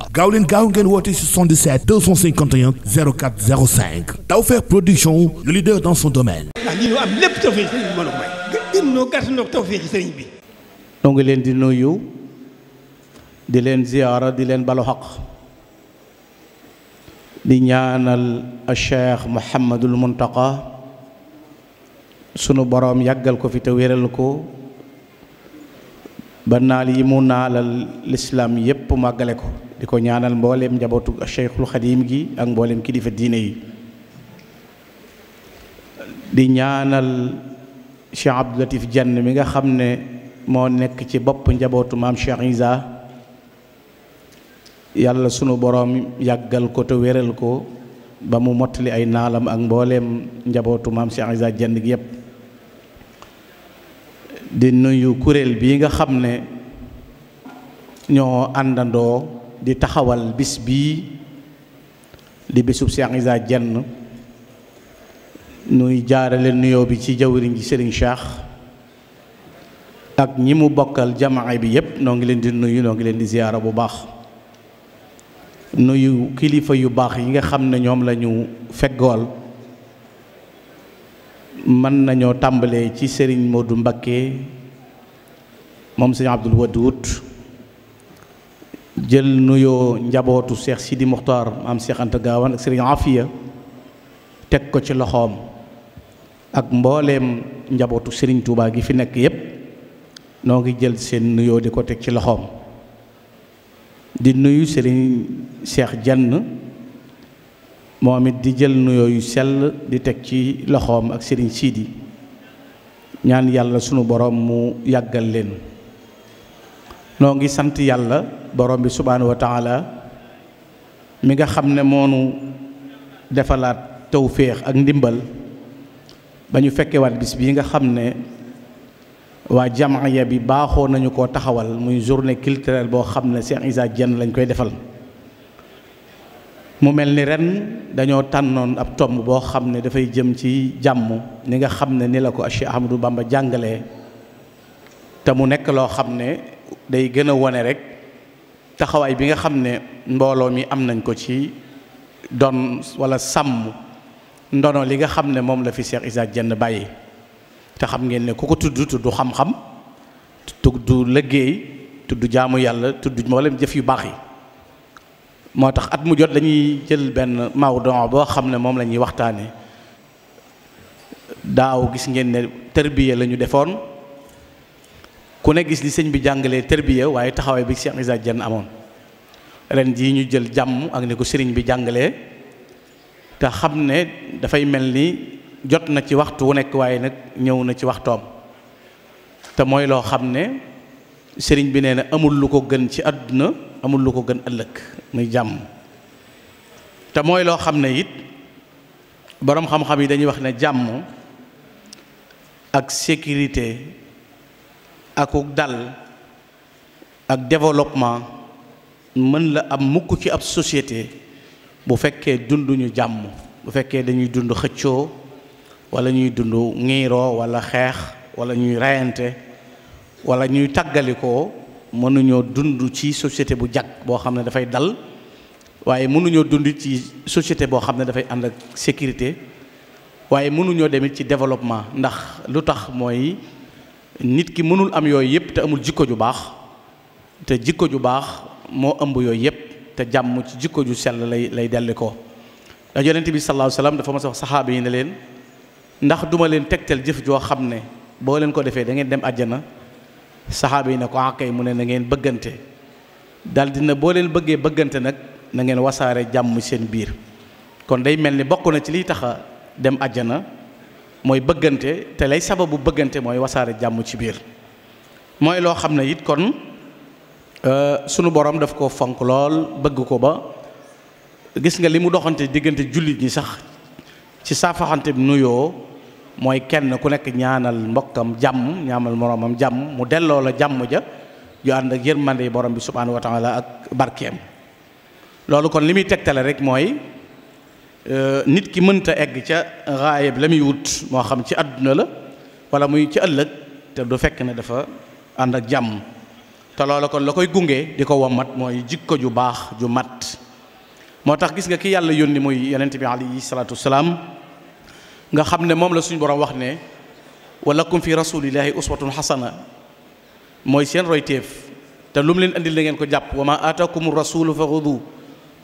waaw gaaw leen gaaw ngeen woote 77 251 04 05 Tawfekh Production le leader dans son domaine. ah lii ñu am lépp tawfeex sëriñ bi mën leen di nuyu di leen ziyaara di leen balu xaq di ñaanal Cheikh Mouhamadul Mountakha sunu boroom yàggal ko fi te wéral ko. ba naal yi mu naalal lislaam yépp màggale ko di ko ñaanal mbooleem njabootu Cheikhul Xadim gi ak mbooleem kilifa diine yi di ñaanal Cheikh Abdou Latif mi nga xam ne moo nekk ci bopp njabootu maam Cheikh Isa yàlla sunu boroom yàggal ko te wéral ko ba mu mottali ay naalam ak mbooleem njabootu maam Cheikh Isa Diène gi yépp di nuyu kuréel bii nga xam ne ñoo àndandoo di taxawal bis bii di bisub Cheikh Issa Diène nuy jaarale nuyoo bi ci jawriñ ji sëriñ Cheikh ak ñi mu bokkal jamaa bi yépp noo ngi leen di nuyu noo ngi leen di ziyaara bu baax nuyu kilifa yu baax yi nga xam ne ñoom lañu feggool mën nañoo tàmbalee ci Serigne Modou Mbakke moom Serigne Abdul Wadud jël nuyoo njabootu Cheikh Sidi Muxtaar maam Cheikh Anta Gaawaan ak Sëriñ Afiya teg ko ci loxoom ak mbooleem njabootu Sëriñ Tuubaa gi fi nekk yépp noo ngi jël seen nuyoo di ko teg ci loxoom di nuyu Sëriñ seex Jann moom it di jël nuyoo yu sell di teg ci loxoom ak Sëriñ siidi ñaan yàlla sunu boroom mu yàggal leen noo ngi sant yàlla borom bi subhaanahu wa taala mi nga xam ne moonu defalaat féex ak ndimbal ba ñu fekkewaat bis bi nga xam ne waa jamaaya bi baaxoo nañu ko taxawal muy journée culturelle boo xam ne Cheikh Issa jenn lañ koy defal mu mel ni ren dañoo tànnoon ab tomb boo xam ne dafay jëm ci jàmm ni nga xam ne ni la ko Cheikh Ahmadou Bamba jàngalee te mu nekk loo xam ne day gën a wone rek taxawaay bi nga xam ne mbooloo mi am nañ ko ci don walla sàmm ndono li nga xam ne moom la fi Cheikh Issa jenn bàyyi te xam ngeen ne ku ko tudd tudd xam-xam tudd liggéey tudd jaamu yàlla tudd mboolem jëf yu baax yi moo tax at mu jot dañuy jël benn mawdon boo xam ne moom lañuy ñuy waxtaane daaw gis ngeen ne tërbiye lañu defoon ku ne gis li sëñ bi jàngale tërbiya waaye taxawaay bi Cheikh Issa Diène amoon ren jii ñu jël jàmm ak ne ko sëriñ bi jàngale te xam ne dafay mel ni jot na ci waxtu wu nekk waaye nag ñëw na ci waxtoom te mooy loo xam ne sëriñ bi nee na amul lu ko gën ci àdduna amul lu ko gën ëllëg muy jàmm te mooy loo xam ne it boroom xam-xam yi dañuy wax ne jàmm ak sécurité akuk dal ak développement mën la am mukk ci ab société bu fekkee dunduñu jàmm bu fekkee dañuy dund xëccoo wala ñuy dund ŋiiroo wala xeex wala ñuy reyante wala ñuy tàggalikoo mënuñoo dund ci société bu jag boo xam ne dafay dal waaye mënuñoo dund ci société boo xam ne dafay ànd ak sécurité waaye mënuñoo demit ci développement ndax lu tax mooy nit ki mënul am yooyu yëpp te amul jikko ju baax te jikko ju baax moo ëmb yooyu yëpp te jàmm ci jikko ju sell lay lay delli ko ndax yonent bi sallallahu alayhi wasallam dafa mas a yi ne leen ndax duma leen tegtal jëf joo xam ne boo leen ko defee da ngeen dem àjjana saxaaba yi ne ko akay ah, mu ne na ngeen bëggante daal na boo leen bëggee bëggante nag na ngeen wasaare jàmm seen biir kon day mel ni bokk na ci liy taxa dem àjjana mooy bëggante te lay sababu bëggante mooy wasaare jàmm ci biir mooy loo xam ne it kon euh, sunu borom daf ko fonk lool bëgg ko ba gis nga li mu doxante diggante jullit ñi sax ci saafaxante bi nuyoo mooy kenn ku nekk ñaanal mbokkam jàmm ñaamal moroomam jàmm mu delloo la jàmm ja yu ànd ak yërmande borom bi subhaanahu wa taala ak barkeem loolu kon li muy tegtale rek mooy Euh, nit ki mënta egg ca raayeb la muy wut moo xam ci àdduna la wala muy ci ëllëg te du fekk ne dafa ànd ak jàmm te loola kon la koy gunge di ko wommat mooy jikko ju baax ju mat moo tax gis nga ki yàlla yónni muy yonent bi alayhi salaatu salaam nga xam ne moom la suñ borom wax ne walakum fi rasulillahi uswatun xasana mooy seen royteef te lu mu leen indi la ngeen ko jàpp wa ma aatakum rasulu fa xudu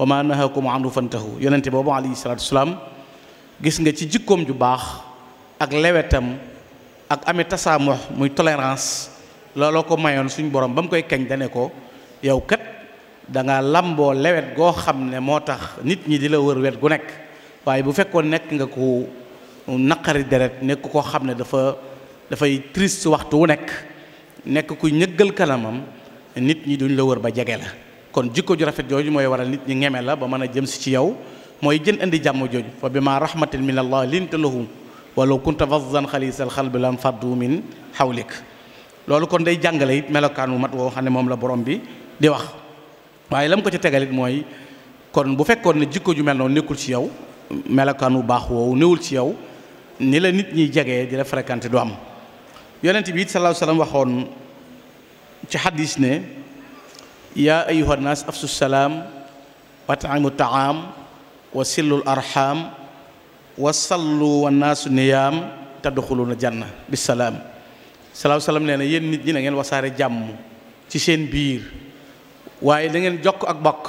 wa ma nahakum anhu fantahu yonente boobu alayhi salaatu wasalaam nga ci jikkoom ju baax ak lewetam ak ame tasaamox muy tolérance looloo ko mayoon suñu borom ba mu koy kañ dane ko yow kat danga lamboo lewet goo xam ne moo tax nit ñi di la wër wet gu nekk waaye bu fekkoon nekk nga ku naqari deret nekk koo xam ne dafa dafay triste waxtu wu nekk nekk ku ñëggal kanamam nit ñi duñ la wër ba jege la kon jikko ju rafet jooju mooy waral nit ñi ngeme la ba mën a jëm si ci yow mooy jën indi jàmm jooju fa bi ma rahmatin min allah linta lahum walaw kunta fazzan xalisal xalbi lam faddu min xawlik loolu kon day jàngale it melokaan wu mat woo xam ne moom la borom bi di wax waaye lam ko ci tegalit mooy kon bu fekkoon ne jikko ju mel noonu nekkul ci yow melokaan wu baax woowu newul ci yow ni la nit ñiy jegee di la fréquenté du am yonent bi it sallallahu yaa ayuha nnaas afsu salaam wa at'imu taam wa sillu arham wa sallu wa naasu niyaam tadxuluuna janna bisalaam salaahu salaam nee na yéen nit ñi nangeen ngeen wasaare jàmm ci seen biir waaye da jokk ak bokk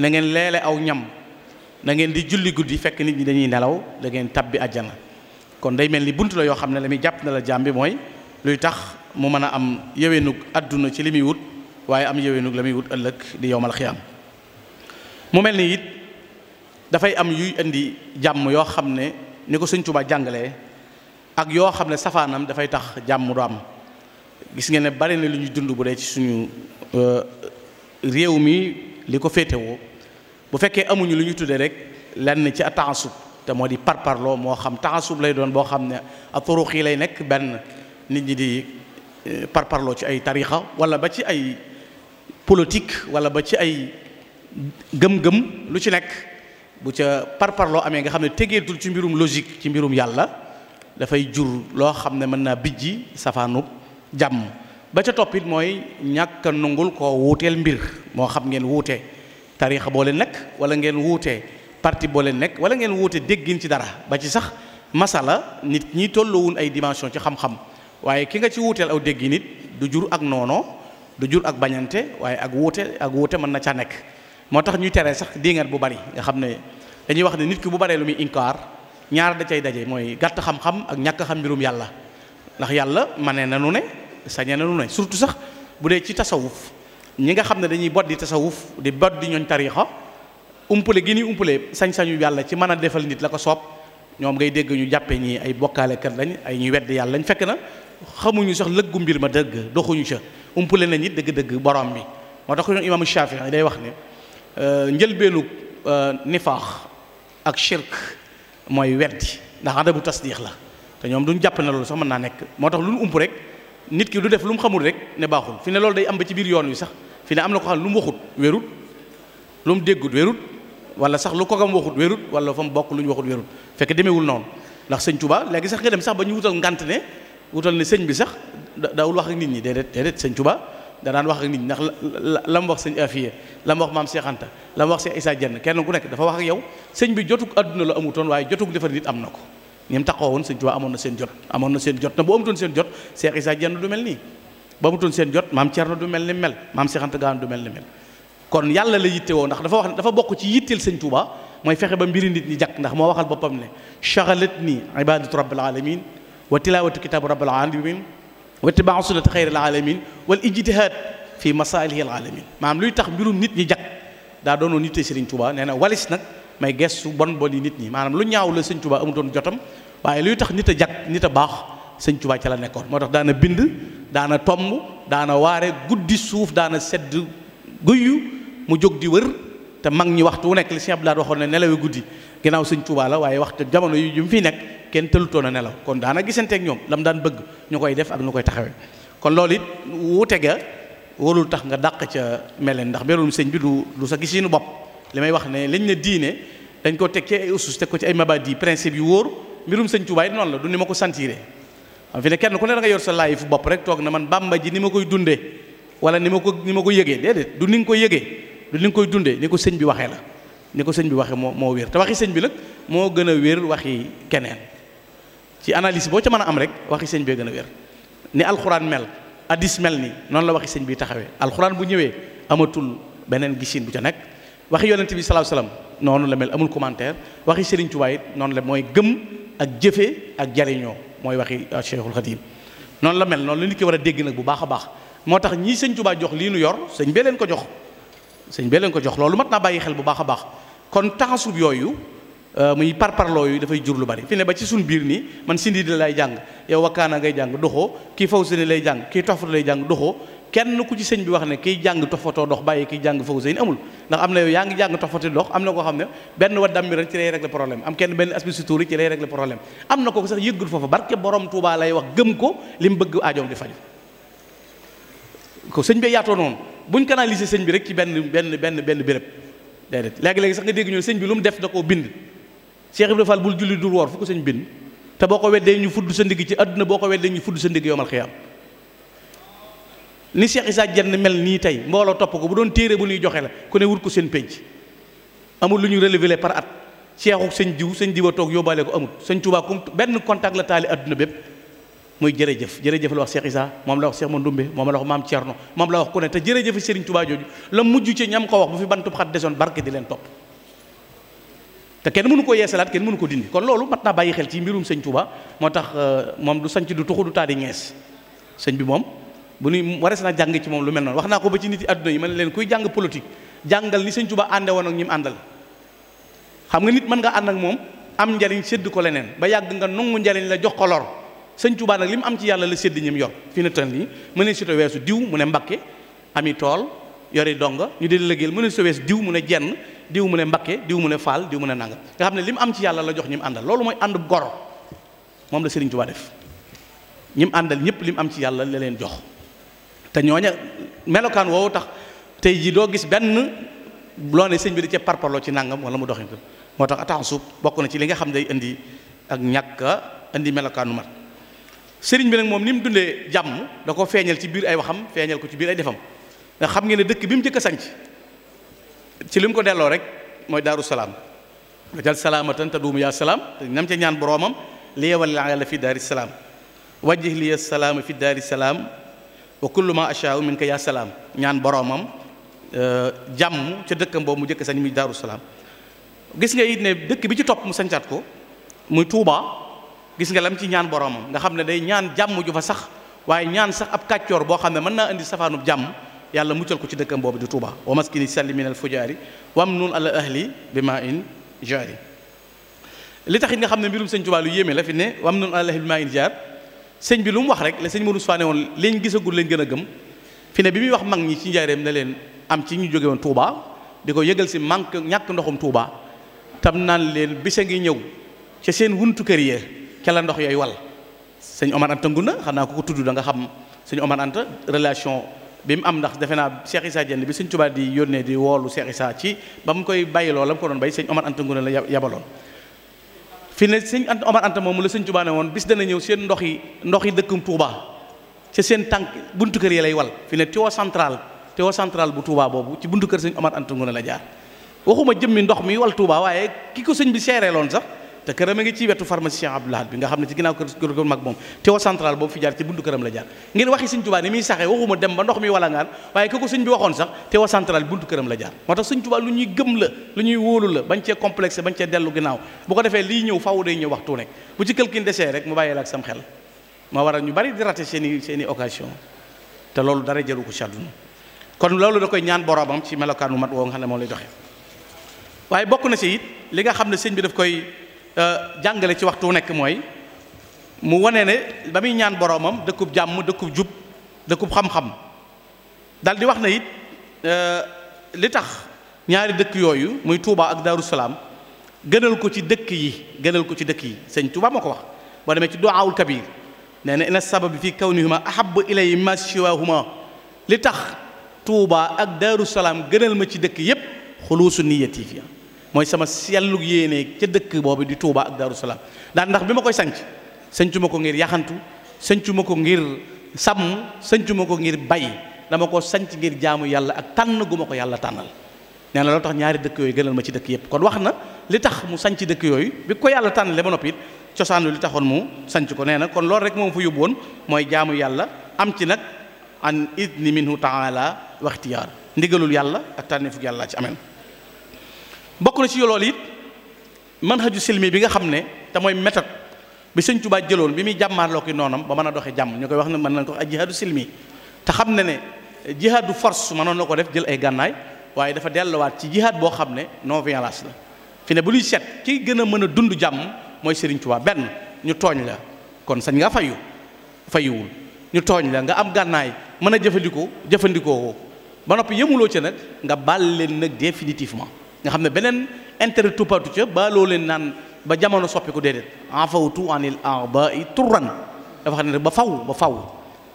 na ngeen leele aw ñam na ngeen di julli guddi fekk nit ñi dañuy nelaw da ngeen tabbi àjjana kon day mel ni bunt la yoo xam ne la muy jàpp na la jàmm bi mooy luy tax mu mën a am yeweenug àdduna ci li muy wut waaye am yëwénug la muy wut ëllëg di yowmal xiyaam mu mel ni it dafay am yuy indi jàmm yoo xam ne ni ko sëñ Tuubaa jàngalee ak yoo xam ne safaanam dafay tax jàmm du am gis nga ne bari na lu ñu dund bu dee ci suñu euh, réew mi li ko féetewoo bu fekkee amuñu lu ñu tuddee rek lenn ci taasub te moo di parparloo moo xam taasub lay doon boo xam ne a turuq yi lay nekk benn nit ñi di euh, parparloo ci ay tarixa wala ba ci ay politique wala ba ci ay gëm-gëm lu ci nekk bu ca loo amee nga xam ne tegeetul ci mbirum logique ci mbirum yàlla dafay jur loo xam ne mën naa bijji safaanub jàmm ba ca toppit mooy ñàkk a nungul koo wuuteel mbir moo xam ngeen wuute tariixa boo leen nekk wala ngeen wuute parti boo leen nekk wala ngeen wuute déggin ci dara ba ci sax masala nit ñi tolloowun ay dimension ci xam-xam waaye ki nga ci wuuteel aw déggi nit du jur ak noono du jur ak bañante waaye ak wuute ak wuute mën na caa nekk moo tax ñuy tere sax dingat bu bari nga xam ne dañuy wax ne nit ki bu baree lu muy inkaar ñaar da cay daje mooy gàtt xam-xam ak ñàkk xam mbirum yàlla ndax yàlla mane na nu ne sañe na nu ne surtout sax bu dee ci tasawuf ñi nga xam ne dañuy bot di tasawuf di bot di ñooñ tariixa umpale gi ni umpale sañ-sañu yàlla ci mën a defal nit la ko soob ñoom ngay dégg ñu jàppe ñi ay bokkaalekat lañ ay ñuy weddi yàlla lañ fekk na xamuñu sax lëggu mbir ma dëgg doxuñu ca leen nañ it dëgg-dëgg borom bi moo tax ko ñoom imaamu Shafii day wax ne euh, njëlbeenu euh, nifaax ak shirk mooy weddi ndax adabu tasdiix la te ñoom duñ jàpp ne loolu sax mën naa nekk moo tax lu ñu ump rek nit ki du def lu mu xamul rek ne baaxul fi ne loolu day am ba ci biir yoon wi sax fi ne am na ko xam lu mu waxut wérut lu mu déggut wérut wala sax lu kogam waxut wérut wala fa mu bokk lu ñu waxut wérut fekk demeewul noonu ndax sëñ Tuba léegi sax nga dem sax ba ñu wutal ngant ne wutal ne sëñ bi sax daawul wax ak nit ñi déedéet déedéet sëñ Touba da daan wax ak nit ñi ndax la mu wax sëñ Afiya la mu wax maam seexanta Anta la wax sëñ Issa Dieng kenn ku nekk dafa wax yow sëñ bi jotug adduna la waaye jotug defar am na ko ñoom taxawoon woon sëñ Touba na seen jot amoon na seen jot na bu amutoon seen jot Cheikh Issa Dieng du mel nii ba amutoon seen jot maam Thierno du mel ni mel maam Cheikh Anta Gawane du mel ni mel kon yàlla la yitte woo ndax dafa wax dafa bokk ci yitteel sëñ Touba mooy fexe ba mbiri nit ñi jàkk ndax moo waxal boppam ne chagalat ni ibadatu rabbil alamin wa tilawatu kitabu rabbil alamin wa tibaa sunnati xayril alamin wal ijtihaad fi masaalihi al alamin maanaam luy tax mbirum nit ñi jag daa doonoon nitee Sëriñ Tuubaa nee na walis nag may gestu bon bon yi nit ñi maanaam lu ñaaw la Sëriñ Tuubaa amutoon jotam waaye luy tax nit a jag nit a baax Sëriñ Tuubaa ca la nekkoon moo tax daana bind daana tomb daana waare guddi suuf daana sedd guyu mu jóg di wër te mag ñi waxtu wu nekk li Sëriñ Abdou Lahad waxoon ne nelawe guddi ginnaaw Sëriñ Tuubaa la waaye waxtu jamono yu mu fiy nekk kenn tëlutoon a nelaw kon daana gisanteeg ñoom lam daan bëgg ñu koy def ak ñu koy taxawee kon loolu it wuute ga warul tax nga dàq ca meleen ndax melum sëñ bi du lu sa gis yi bopp li may wax ne lañ ne diine dañ ko teg ci ay usus ko ci ay mabadi principe yu wóor mbirum sëñ noonu la du ni ma ko sentiré xam fi ne kenn ku ne da nga yor sa laay fu bopp rek toog na man bàmba ji ni ma koy dundee wala ni ma ko ni ma ko yëgee déedéet du ni nga koy yëgee du ni koy dundee ni ko sëñ bi waxee la ni ko sëñ bi waxee moo moo wér te waxi sëñ bi nag moo gën a wér waxi keneen ci analise boo ca mën a am rek waxi sëñ bee gën a wér ni alxuraan mel addis mel ni noonu la waxi sëñ bi taxawee alxuraan bu ñëwee amatul beneen gisin bu ca nekk waxi yonent bi salaahu salaam noonu la mel amul commentaire waxi Sëriñ Tuubaa it noonu la mooy gëm ak jëfe ak jariñoo mooy waxi euh, Cheikhul Khadim noonu la mel noonu la nit ki war a dégg nag bu baax a baax moo tax ñi sëñ Tuubaa jox lii nu yor sëñ bee leen ko jox sëñ bee leen ko jox loolu mat naa bàyyi xel bu baax a baax kon taxasub yooyu Euh, muy par yu dafay jur lu bari fi ne ba ci suñ biir nii man sindi di lay jàng yow wakkaana ngay jàng doxoo kii fawseyni lay jàng kii toxfatu lay jàng doxoo kenn ku ci sëñ bi wax ne kii jàng toxfatoo dox bàyyi kiy jàng fawseyni amul ndax am na yow yaa ngi jàng toxfati dox am na koo xam ne benn wa dam mi ren ci lay régler problème am kenn benn aspect tuuri ci lay régler problème am na kooku sax yëggul foofa barke borom Tuubaa lay wax gëm ko li mu bëgg aajoom di faju ko sëñ bi yaatoo noonu buñ canaliser sëñ bi rek ci benn benn benn benn béréb léegi-léegi sax nga dégg sëñ bi lu mu def da koo bind Cheikh Ibrahima Fall bul julli dul woor fu ko sëñ bind te boo ko weddee ñu fudd sa ndigg ci àdduna boo ko weddee ñu fudd sa ndigg yomal xiyaam ni Cheikh Issa Dieng mel nii tey mbooloo topp ko bu doon téere bu ñuy joxe la ku ne wut ko seen pénc amul lu ñu relevé par at Cheikhu sëñ diw sëñ diwa toog yóbbaale ko amul sëñ Tuubaa kum benn contact la taali àdduna bépp muy jërëjëf jërëjëf la wax Cheikh Issa moom la wax Cheikh Mandoumbe moom la wax maam Thierno moom la wax ku ne te jërëjëf Serigne Touba jooju la mujj ci ko wax bu fi bantub di leen te kenn mënu ko yeesalaat kenn mënu ko dindi kon loolu mat naa bàyyi xel ci mbirum sëñ Touba moo tax euh, moom du sanc du tuxu du taadi ngees sëñ bi moom bu nuy warees naa jàng ci moom lu mel noonu wax naa ko ba ci nit yi adduna yi ma ne leen kuy jàng politique jàngal ni sëñ Touba ànde woon ak ñi àndal xam nga nit mën nga ànd ak moom am njariñ sédd ko leneen ba yàgg nga nungu njariñ la jox ko lor sëñ Touba nag li am ci yàlla la sédd ñim yor fi na tan nii mu ne sito weesu diw mu ne mbakke ami tool yori donga ñu di lëggeel mu ne sito weesu diw mu ne jenn diw mu ne Mbakke diw mu ne Fall diw mu ne nangam nga xam ne li am ci yàlla la jox ñi mu àndal loolu mooy ànd goro moom la Serigne Touba def ñi àndal ñëpp li am ci yàlla la leen jox te ñooña melokaan woowu tax tey jii doo gis benn loo sëñ bi da cee parparloo ci nangam wala mu doxin ko moo tax attan suuf bokk na ci li nga xam day indi ak ñàkk indi melokaanu mat sëriñ bi nag moom ni mu dundee jàmm da ko feeñal ci biir ay waxam feeñal ko ci biir ay defam nga xam ngeen ne dëkk bi mu njëkk a sanc ci li mu ko delloo rek mooy daaru salaam wajal salaamatan taduumu yaa salaam nam ca ñaan boroomam li wali yàlla fi daari salaam wajjih liya salaama fi daari salaam wa kullu ma ashaa'u minka yaa salaam ñaan boroomam euh, jàmm ca dëkk boobu mu jëkk sañ muy daaru salaam gis nga it ne dëkk bi ci topp mu sañcaat ko muy tuubaa gis nga lam ci ñaan boroomam nga xam ne day ñaan jàmm ju fa sax waaye ñaan sax ab kàccoor boo xam ne mën naa indi safaanub jàmm yàlla muccal ko ci dëkkam mboobu di Touba wa maskini salli min al fujaari wam nun ala ahli bi ma in jaari li tax it nga xam ne mbirum sëñ Touba lu yéeme la fi ne wam nun ala ahli bi ma in jaar sëñ bi lu mu wax rek la sëñ Modou Soufané woon leen gisagul leen gën a gëm fi ne bi muy wax mag ñi ci am ne leen am ci ñu jóge woon Touba di ko yëgal si manque ñàkk ndoxum Touba tam naan leen bisa ngi ñëw ca seen wuntu kër yee ca la ndox yooyu wal sëñ Omar Anta Ngunda xam naa ko ko tudd xam sëñ Omar Anta relation bi mu am ndax defe naa Cheikh Issa bi sëñ Tuubaa di yónnee di woolu Cheikh Issa ci ba mu koy bàyyi loolu mu ko doon bay sëñ Omar Anta Ngoune la yabaloon fi ne sëñ Anta Omar Anta moomu la sëñ Tuubaa woon bis dana ñëw seen ndox yi ndox yi dëkkum Touba ci seen tànk buntu kër yi lay wal fi ne tuyau central tuyau central bu Touba boobu ci buntu kër sëñ Omar Anta Ngoune la jaar waxuma jëmmi ndox mi wal Touba waaye ki ko sëñ bi seeree loon sax te këram a ngi ci wetu pharmacie Cheikh Abdoul Ahad bi nga xam ne ci ginnaaw kër kër mag moom teewa central boobu fi jaar ci buntu këram la jaar ngeen waxi sëñ Tuubaa ni muy saxee waxuma dem ba ndox mi wala ngaan waaye ku ko sëñ bi waxoon sax teewa central buntu këram la jaar moo tax sëñ Tuubaa lu ñuy gëm la lu ñuy wóolu la bañ cee complexe bañ cee dellu ginnaaw bu ko defee lii ñëw faaw day ñëw waxtu nekk bu ci këlkin desee rek mu bàyyi la sam xel ma waral seeni seeni occasion loolu dara jaru ko ci kon loolu da koy ñaan boroomam ci melokaan wu mat woo nga xam ne moom lay doxee bokk na ci it li nga xam ne sëñ bi daf koy Euh, jàngale ci waxtu nekk mooy mu wane ne ba muy ñaan boroomam dëkkub jàmm dëkkub jub dëkkub xam-xam dal di wax na it euh, li tax ñaari dëkk yooyu muy Touba ak Darou Salaam gënal ko ci dëkk yi gënal ko ci dëkk yi sëñ Touba moo ko wax boo demee ci duwaawul kabir nee na ina sababi fi kawnihuma ahabu ilay ma siwahuma li tax Touba ak Darou Salaam gënal ma ci dëkk yépp xuluusu niyati fi mooy sama sellug yéene ca dëkk boobu di Touba ak Darou Salaam daan ndax bi ma koy sanc sëncuma ko ngir yaxantu sëncuma ko ngir sàmm sëncuma ko ngir bay dama koo sanc ngir jaamu yàlla ak tànn gu ma ko yàlla tànnal nee na loolu tax ñaari dëkk yooyu gënal ma ci dëkk yëpp kon wax na tax mu sanc dëkk yooyu bi ko yàlla tànnale ba noppi it cosaanu li taxoon mu sanc ko nee na kon loolu rek moom fa yóbbu woon mooy jaamu yàlla am ci nag an idni minhu taala waxtiyaar ndigalul yàlla ak tànneefug yàlla ci ameen bokk na ci loolu it manhaju silmi bi nga xam ne te mooy méthode bi sëñ Tuubaa jëloon bi muy jàmmaarloo ki noonam ba mën a doxee jàmm ñu koy wax na mën nañ ko wax ak jihaadu te xam ne ne jihaadu force mënoon na ko def jël ay gànnaay waaye dafa delluwaat ci jihaad boo xam ne non violence la fi ne bu ñuy set ki gën a mën a dund jàmm mooy Sëriñ Tuubaa benn ñu tooñ la kon sañ nga fayu fayuwul ñu tooñ la nga am gànnaay mën a jëfandikoo jëfandikoo ba noppi yëmuloo ci nag nga baal leen nag définitivement nga xam ne beneen intere tuppatu ca ba loo leen naan ba jamono soppi ko déedéet afawtu anil abai turran dafa xam ne ba faw ba faw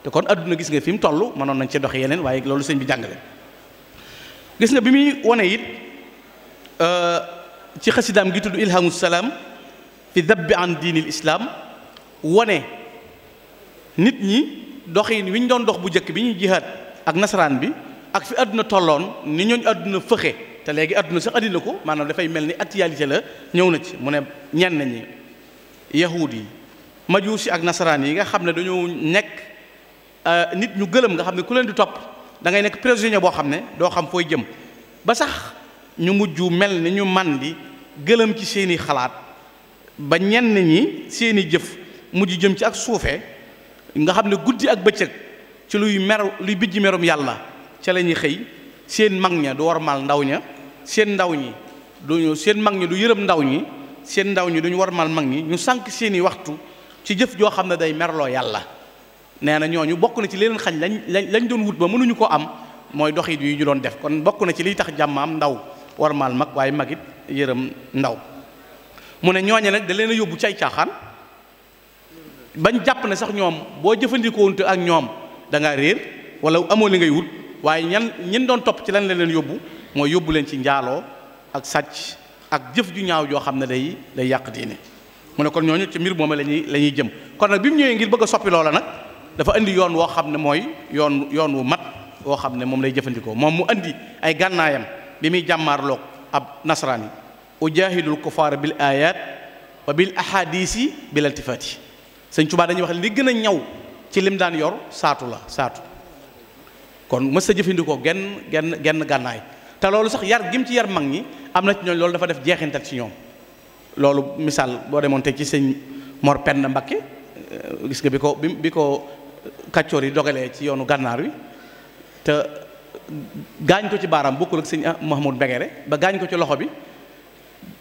te kon àdduna gis nga fi mu toll mënoon nañ ci doxe yeneen waaye loolu sëñ bi jàngale gis nga bi muy wone it euh, ci xasidaam gi tudd ilhamu salaam fi dabbi en diinil islaam wone nit ñi doxin wi ñu doon dox bu njëkk bi ñuy jihaat ak nasaraan bi ak fi àdduna tolloon ni ñooñ àdduna fëxe te léegi àdduna sax andi ko maanaam dafay mel ni actualité la ñëw na ci mu ne ñenn ñi yahuud yi majuus yi ak nasaraan yi nga xam ne dañoo nekk euh, nit ñu gëlëm nga xam ne ku leen di topp dangay nekk nekk prisonnier boo xam ne doo xam fooy jëm ba sax ñu mujj mel ni ñu man di gëlëm ci seeni xalaat ba ñenn ñi seeni jëf mujj jëm ci ak suufee nga xam ne guddi ak bëccëg ci luy mer luy bijj merum yàlla ca la xëy seen mag ña du war mal ndaw ña seen ndaw ñi duñu seen mag ñi du yërëm ndaw ñi seen ndaw ñi duñu warmal mag ñi ñu sànq seeni waxtu ci jëf joo xam ne day meraloo yàlla nee na ñooñu bokk na ci leneen xañ lañ lañ lañ doon wut ba mënuñu ko am mooy doxit yi ñu doon def kon bokk na ci liy tax jàmm am ndaw warmal mag waaye mag it yërëm ndaw mu ne ñooñe nag da leen a yóbbu ci ay caaxaan bañ jàpp ne sax ñoom boo jëfandikoowunte ak ñoom danga ngaa réer wala amoo li ngay wut waaye ñan ñen doon topp ci lan la leen yóbbu mooy yóbbu leen ci njaaloo ak sàcc ak jëf ju ñaaw joo xam ne day day yàq diine mu ne kon ñooñu ci mbir moom la ñuy la jëm kon nag bi mu ñëwee ngir bëgg a soppi loola nag dafa indi yoon woo xam ne mooy yoon yoon wu mat woo xam ne moom lay jëfandikoo moom mu indi ay gànnaayam bi muy jàmmaarloog ab nasaraan yi ujaahidul kufaar bil ayat wa bil ahadisi bil altifaati sëñ Tuubaa dañuy wax li gën a ñaw ci lim daan yor saatu la saatu kon mës a jëfandikoo genn genn genn gànnaay te loolu sax yar gim ci yar mag ñi am na ci ñooñ loolu dafa def jeexintal ci ñoom loolu misaal boo demoon tey ci sëñ Mor Penda Mbakke euh, gis nga bi ko bi bi ko kàccoor yi dogalee ci yoonu gànnaar wi te gaañ ko ci baaraam bokkul ak sëñ Mahmoud Mbegere ba gaañ ko ci loxo bi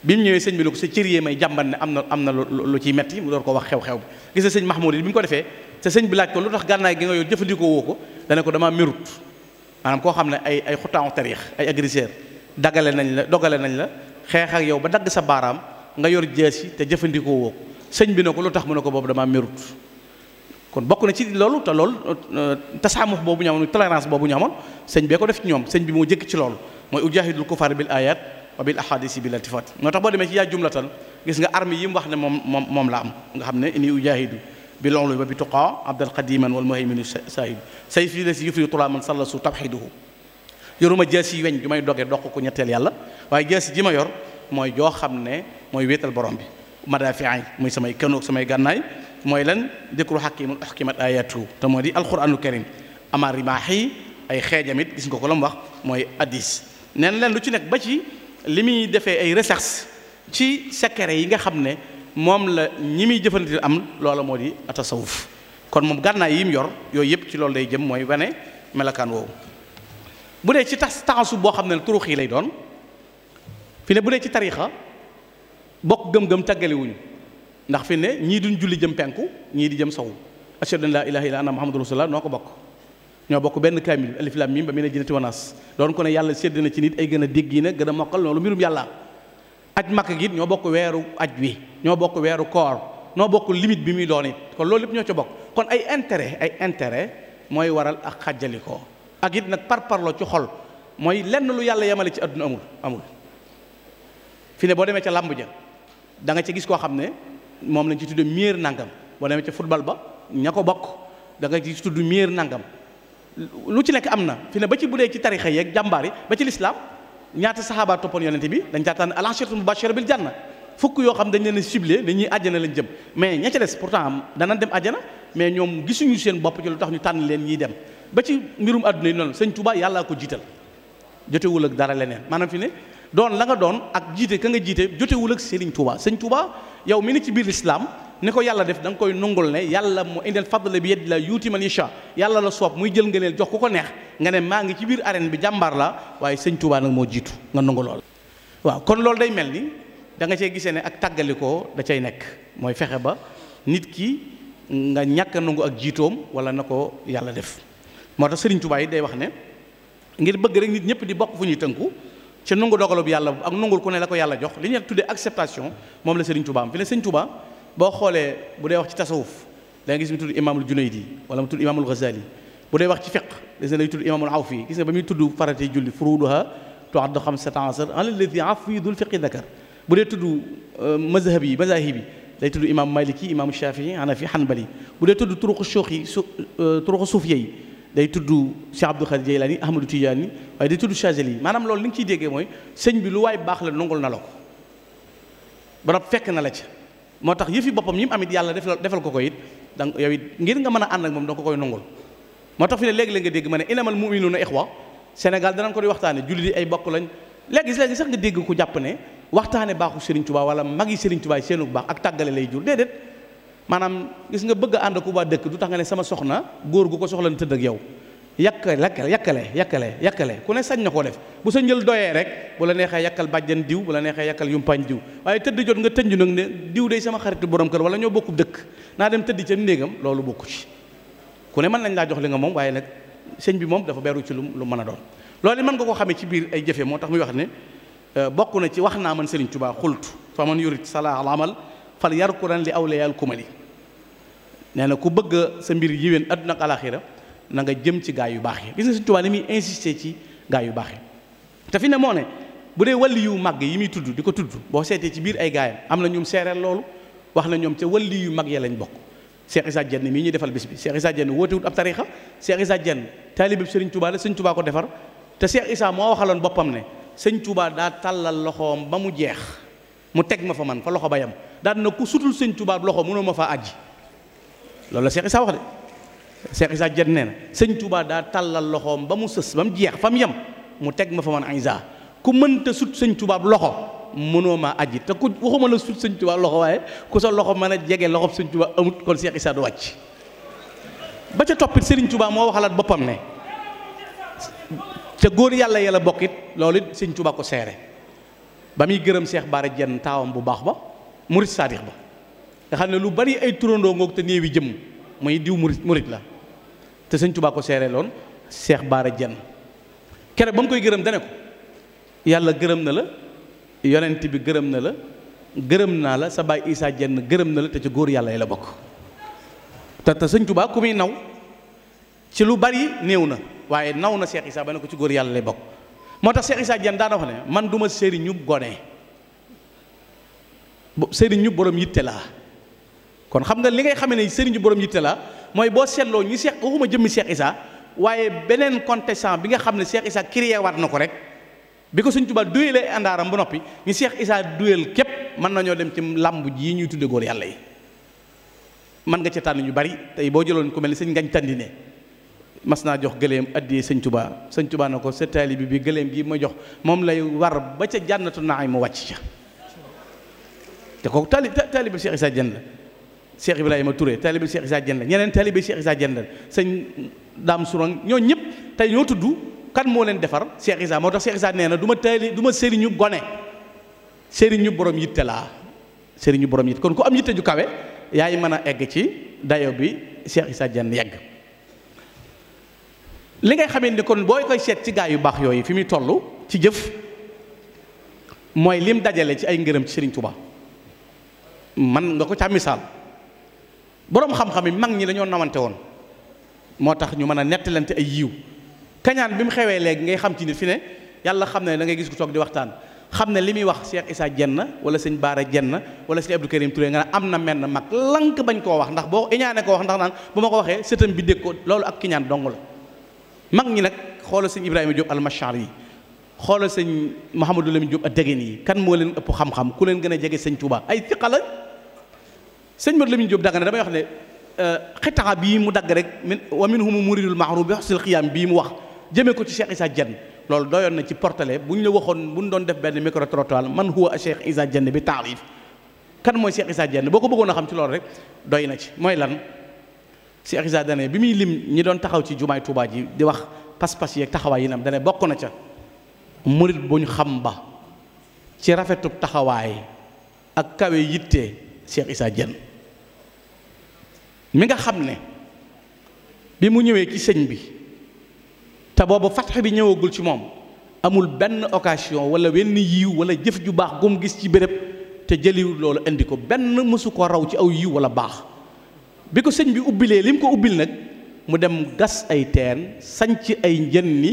bi mu ñëwee sëñ bi lu ko sa cër yee may jàmbat ne am na am na lu ci metti mu door ko wax xew-xew bi gis nga sëñ Mahmoud yi bi mu ko defee te sëñ bi laaj ko lu tax gànnaay gi nga yor jëfandikoo woo ko dana ko damaa merut maanaam koo xam ne ay ay xutaan tariix ay agresseur dagale nañ la dogale nañ la xeex ak yow ba dagg sa baaraam nga yor jees yi te jëfandikoo woo sëñ bi na ko lu tax mu ne ko boobu damaa merut kon bokk na ci loolu te loolu euh, tasaamux boobu ñu amoon tolérance boobu ñu amoon sëñ bee ko def ci ñoom sëñ bi moo jëkk ci loolu mooy ujaahidul kufaar bil ayat wa bil ahadisi bil iltifat moo tax boo demee ci yaa jumlatan gis nga arme yi mu wax ne moom moom moom la am nga xam ne ini ujaahidu bi loolu ba bi tuqaa abdal qadiman wal muhaymin saayib say fii la si yufri tulaaman salla su tabxiduhu yoruma jaasi weñ ju may doge doq ko ñetteel yàlla waaye jaasi ji ma yor mooy joo xam ne mooy wetal borom bi madaafiay muy samay kanoog samay gànnaay mooy lan dikru xakimun uxkimat ayatuhu te moo di al alquranu karim ama rimaax yi ay xeejamit gis nga ko la mu wax mooy addis neen leen lu ci nekk ba ci li muy defee ay recherche ci secret yi nga xam ne moom la ñi muy jëfandikoo am loola moo di atasawuf kon moom gànnaay yi mu yor yooyu yëpp ci loolu day jëm mooy wane melakaan woowu bu dee ci tas taasu boo xam ne turux yi lay doon fi ne bu dee ci tariixa bokk gëm-gëm tàggalewuñu ndax fi ne ñii duñ julli jëm penku ñii di jëm sowu ashhadu an laa ilaaha illa anna muhammadur rasulullah noo ko bokk ñoo bokk benn kaamil alif lam mim ba ne jinati wanaas doon ko ne yàlla sédd na ci nit ay gën a dégg yi ne gën a loolu mbirum yàlla aj makk gi ñoo bokk weeru aj wi ñoo bokk weeru koor ñoo bokk limite bi muy doon it kon loolu lépp ñoo ca bokk kon ay intérêt ay intérêt mooy waral ak ko ak it nag par parloo ci xol mooy lenn lu yàlla yemale ci àdduna amul amul fi boo demee ca làmb ja da nga ca gis koo xam ne moom lañ ci tudde miir nangam boo demee ca football ba ña ko bokk da nga ci tudd miir nangam lu ci nekk am na fi ne ba ci bu dee ci tarixa yeeg jàmbaar yi ba ci lislaam ñaata saxaaba toppoon yonente bi dañ caa tànn al asharatu mubashara bil janna fukk yoo xam dañ leen a ciblé ne ñuy àjjana lañ jëm mais ña ca des pourtant danañ dem àjjana mais ñoom gisuñu seen bopp ci lu tax ñu tànn leen ñiy dem ba ci mbirum àdduna yi noonu sëñ Touba yàllaa ko jiital jotewul ak dara leneen maanaam fi ne doon la nga doon ak jiite ka nga jiite jotewul ak Serigne Touba sëñ Touba yow mi ne ci biir lislaam ni ko yàlla def danga koy nungul ne yàlla mu indil fadla bi yedd la yuuti man yasha yàlla la soob muy jël ngëneel jox ku ko neex nga ne maa ngi ci biir arène bi jàmbaar la waaye sëñ Tuubaa nag moo jiitu nga nungu lool waaw kon loolu day mel ni da nga cee gisee ne ak tàggalikoo da cay nekk mooy fexe ba nit ki nga ñàkk a nungu ak jiitoom wala na ko yàlla def moo tax sëriñ Tuubaa yi day wax ne ngir bëgg rek nit ñëpp di bokk fu ñuy tënku ci nungu dogalub yàlla ak nungul ku ne la ko yàlla jox li ñu tuddee acceptation moom la sëriñ Tuubaa am fi ne boo xoolee bu dee wax ci tasawuf da nga gis ñu tudd imaamul junaydi wala mu tudd imaamul ghazali bu dee wax ci fiq gis nga dañuy tudd imaamul awfi gis nga ba muy tudd farate julli furuuduha tuaddu xamsata asar alladi afidul fiqi dakar bu dee tudd euh, mazhab yi mazahib yi day tudd imam maliki imam shafii hanafi hanbali bu dee tudd turuqu suux yi su euh, turuqu suufiya yi day tudd Cheikh Abdul Xaadir Jeylaani Ahmadu Tijaani waaye day tudd Chazali maanaam loolu li nga ciy déggee mooy señ bi lu waaye baax la nongul na la ko barab fekk na la ca moo tax yëfi boppam yi mu am it yàlla defal defal ko ko it da yow it ngir nga mën a ànd ak moom danga ko koy nongul moo tax fi ne léegi-léegi nga ma ne inamal muminuuna ixwa Sénégal danañ ko di waxtaane jullit yi ay bokk añ léegi léegi sax nga dégg ko jàpp ne waxtaane baaxu Serigne Touba wala mag yi Serigne Touba seenu baax ak tàggale lay jur déedéet maanaam gis nga bëgg ànd ak waa dëkk du tax nga ne sama soxna góor gu ko soxla na tëdd ak yow yàq lakkal yàkkale yàkkale yàkkale ku ne sañ na koo def bu sa njël doyee rek bu la neexee yàkkal bàjjan diw bu la neexee yàkkal yumpaañ diw waaye tëdd jot nga tënju nag ne diw day sama xaritu borom kër wala ñoo bokku dëkk naa dem tëdd ca néegam loolu bokku ci ku ne mën nañ laa jox li nga moom waaye nag sëñ bi moom dafa beru ci lu lu mën a doon loolu mën nga ko xame ci biir ay jëfe moo tax muy wax ne euh, bokk na ci wax naa man Sëriñ Tuubaa xultu fa man yurit salaa al amal fal yarkuran li awliyaa al kumali nee na ku bëgg sa mbir yiwén àdduna ak alaxira na nga jëm ci gaa yu baax yi gis nga Sëñ Tuubaa ci gaa yu baax yi te ne moo ne bu dee wàlli yu màgg yi muy tudd di ko tudd boo seetee ci biir ay gaayam am na ñum loolu wax na ñoom ca wàlli yu mag ya lañ bokk Cheikh Issa Diène ñuy defal bi Cheikh Issa Diène wootewut ab tariixa Cheikh Issa Diène taalibe Sëriñ Tuubaa la Sëñ Tuubaa defar te Cheikh Issa moo waxaloon boppam ne Sëñ Tuubaa daa tàllal loxoom ba mu jeex mu teg ma fa man fa loxo ba yam na ku sutul Sëñ Tuubaa loxo mënoo ma faa ajji loolu la Cheikh wax de Cheikh Issa Dieng nee na sëñ Touba daa tàllal loxoom ba mu sës ba mu jeex fa mu yem mu teg ma fa man Aïssa ku mënta sut sëñ tubaab loxo mënoo maa aji te ku waxuma la sut sëñ Touba loxo waaye ku sa loxo mën a jege loxo sëñ Touba amut kon Cheikh Issa wàcc ba ca toppit Serigne Touba moo waxalaat boppam ne ca góor yàlla yàlla bokkit loolu it sëñ Touba ko seere ba muy gërëm seex Bara jenn taawam bu baax ba murit saadix ba nga xam ne lu bari ay turandoo ngoog te néewi jëm muy diw murit murit la te sëñ Tuubaa ko seeree loon Seex Baara Jeen kere ba mu koy gërëm dane ko yàlla gërëm na la yonent bi gërëm na la gërëm naa la sa baay Isaa jenn gërëm na la te ci góor yàlla yi la bokk te te sëñ tubaa ku muy naw ci lu bari néew na waaye naw na Seex Isaa ba ne ko ci góor yàlla lay bokk moo tax Seex Isaa Jeen daana ne man duma sëriñub gone sëriñu borom yitte laa kon xam nga li ngay xamee ne sëriñu borom yitte laa mooy boo seetloo ñi Cheikh waxuma jëmmi Cheikh Issa waaye beneen contestant bi nga xam ne Cheikh isaa créé waat na ko rek bi ko Sëñ Tuubaa duyelee àndaaram ba noppi ñi Cheikh Issa duyel képp mën nañoo dem ci làmb ji ñuy tudde góor yàlla yi mën nga ca tànn ñu bari tey boo jëloon ku mel ni sëñ ngañ tandine mas naa jox gëléem addiyee sëñ Tuubaa sëñ Tuubaa na ko sa bi gëléem gi ma jox moom lay war ba ca jànnatu naay mu wàcc ca te kooku taali taali bi Cheikh la bi Cheikh ma Touré taalibe Cheikh Issa Diène la ñeneen taalibe Cheikh Issa Diène la sañ Dame Sourang ñooñ ñëpp tey ñoo tudd kan moo leen defar Cheikh Issa moo tax Cheikh Issa nee na duma ma taali du ma gone sëriñu borom yitte laa sëriñu borom yitte kon ku am yitte ju kawe yaay mën a egg ci dayo bi Cheikh Issa Diène yegg li ngay xamee ni kon booy koy seet ci gaa yu baax yooyu fi muy toll ci jëf mooy lim dajale ci ay ngërëm ci Sëriñ Tuubaa man nga ko ca misaal boroom xam-xam yi mag ñi lañoo nawante woon moo tax ñu mën a nettalante ay yiw kañaan bi mu xewee léegi ngay xam ci nit fi ne yàlla xam ne da ngay gis ku toog di waxtaan xam ne li muy wax Cheikh Issa na wala sëñ Baara jenn wala sëñ Abdou Karim Touré nga ne am na menn mag lank bañ koo wax ndax boo iñaane koo wax ndax naan bu ma ko waxee sëtam bi dégg loolu ak kiñaan dong la mag ñi nag xoolal sëñ Ibrahima Diop almachar yi xoolal sëñ Mouhamadou Lamine Diop ak degen yi kan moo leen ëpp xam ku leen gën a jege sëñ Touba ay siqa sëñ Mor Lamine Diop dagg ne damay wax ne euh, xitaa bii mu dagg rek min wa minhum muridul ma'ruf bi xasil xiyaam bii mu wax jëmee ko ci Cheikh Issa Diène loolu doyoon na ci portale bu ñu la waxoon bu ñu doon def benn micro trottoir man huwa Cheikh Issa Diène bi taarif kan mooy Cheikh Issa Diène boo ko bëggoon xam ci loolu rek doy na ci mooy lan Cheikh Issa Diène bi muy lim ñi doon taxaw ci jumaay Touba ji di wax pas-pas yeeg taxawaay yi nam dane ca murit bu ñu xam ba ci rafetub taxawaay ak kawe yitte Cheikh Issa Diène mi nga xam ne bi mu ñëwee ci sëñ bi te booba fatxe bi ñëwagul ci moom amul benn occasion wala wenn yiw wala jëf ju baax gum gis ci béréb te jëliwul loolu indi ko benn mësu ko raw ci aw yiw wala baax bi ko sëñ bi ubbilee li mu ko ubbil nag mu dem gas ay teen sanc ay njën ni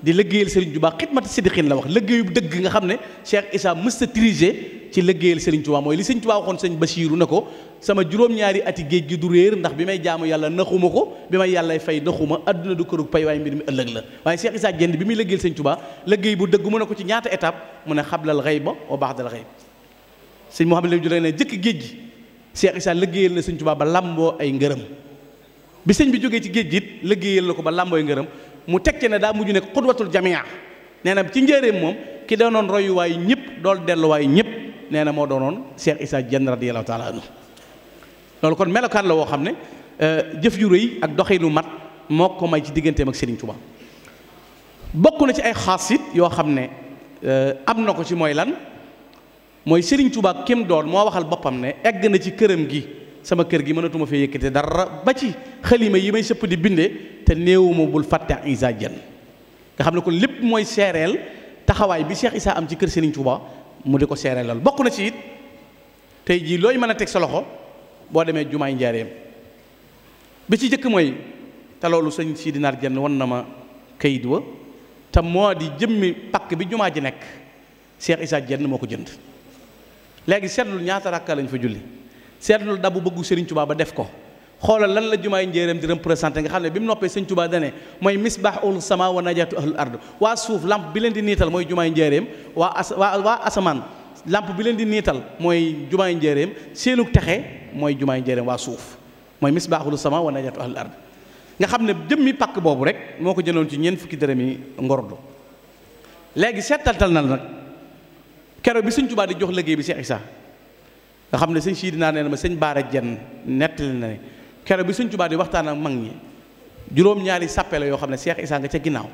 di liggéeyal sëriñ ju baax xidmata siddiqin la wax liggéeyu dëgg nga xam ne Cheikh Issa mësta triger ci liggéeyal Serigne Touba mooy li Serigne Touba waxoon Serigne Bassirou na ko sama juróom-ñaari ati géej gi du réer ndax bi may jaamu yàlla naxuma ko bi may yàllay fay naxuma àdduna du kërug pay waaye mbir mi ëllëg la waaye Cheikh Issa Diène bi muy liggéeyal Serigne Touba liggéey bu dëgg mu ne ko ci ñaata étape mu ne xablal ghayba wa ba'dal ghayb Serigne Mouhamed Lamine Diop ne jëkk géej gi Cheikh Issa liggéeyal na sëñ Touba ba làmboo ay ngërëm bi sëñ bi jógee ci géej gi it liggéeyal na ko ba làmbooy ngërëm mu teg ci ne daa mujj nekk xudwatul jamia nee na ci njëreem moom ki doonoon royuwaayu ñëpp dool delluwaayu ñëpp nee na moo doonoon Cheikh Issa Diène radiyallahu taala anhu loolu kon melokaan la woo xam ne euh, jëf yu rëy ak doxinu mat moo ko may ci digganteem ak Serigne Touba bokk na ci ay xaasit yoo xam ne euh, am na ko ci mooy lan mooy Serigne Touba kim doon moo waxal boppam ne egg na ci këram gi sama kër gi mënatuma fee yëkkate dara ba ci xalima yi may sëpp di binde te néewuma bul fàtte Issa Diène nga xam ne ko lépp mooy seereel taxawaay bi Cheikh Issa am ci kër Serigne Touba. mu di ko seere lal bokk na ci it tey jii looy mën a teg sa loxo boo demee jumaay njaareem bi ci jëkk mooy te loolu sëñ si dinaar jenn wan na ma kayit wa te moo di jëmmi pakk bi jumaa ji nekk Cheikh Issa Jenn moo ko jënd léegi seetlul ñaata rakka lañ fa julli seetlul dabu bëggu Sëriñ Tuubaa ba def ko xoolal lan la jumaay njéeréem di présenté nga xam ne bi mu noppee sëñ Tuubaa dane mooy misbaaxul sama wa najaatu ahlul ard waa suuf làmp bi leen di niital mooy jumaay njéeréem waa as waa waa asamaan lamp bi leen di niital mooy jumaay njéeréem seenug texe mooy jumaay njéeréem waa suuf mooy misbaaxul sama wa najaatu ahlul ard nga xam ne jëmmi pàkk boobu rek moo ko jëndoon ci ñeent fukki dërëm yi ngordu léegi seetaltal na nag kero bi sëñ Tuubaa di jox liggéey bi Cheikh Issa nga xam ne sëñ Siidi naa nee ma sëñ Baara Jenn nettali na ne kero bi suñ Tuubaa di waxtaan ak mag ñi juróom-ñaari sàppe la yoo xam ne Seex Isaa nga ca ginnaaw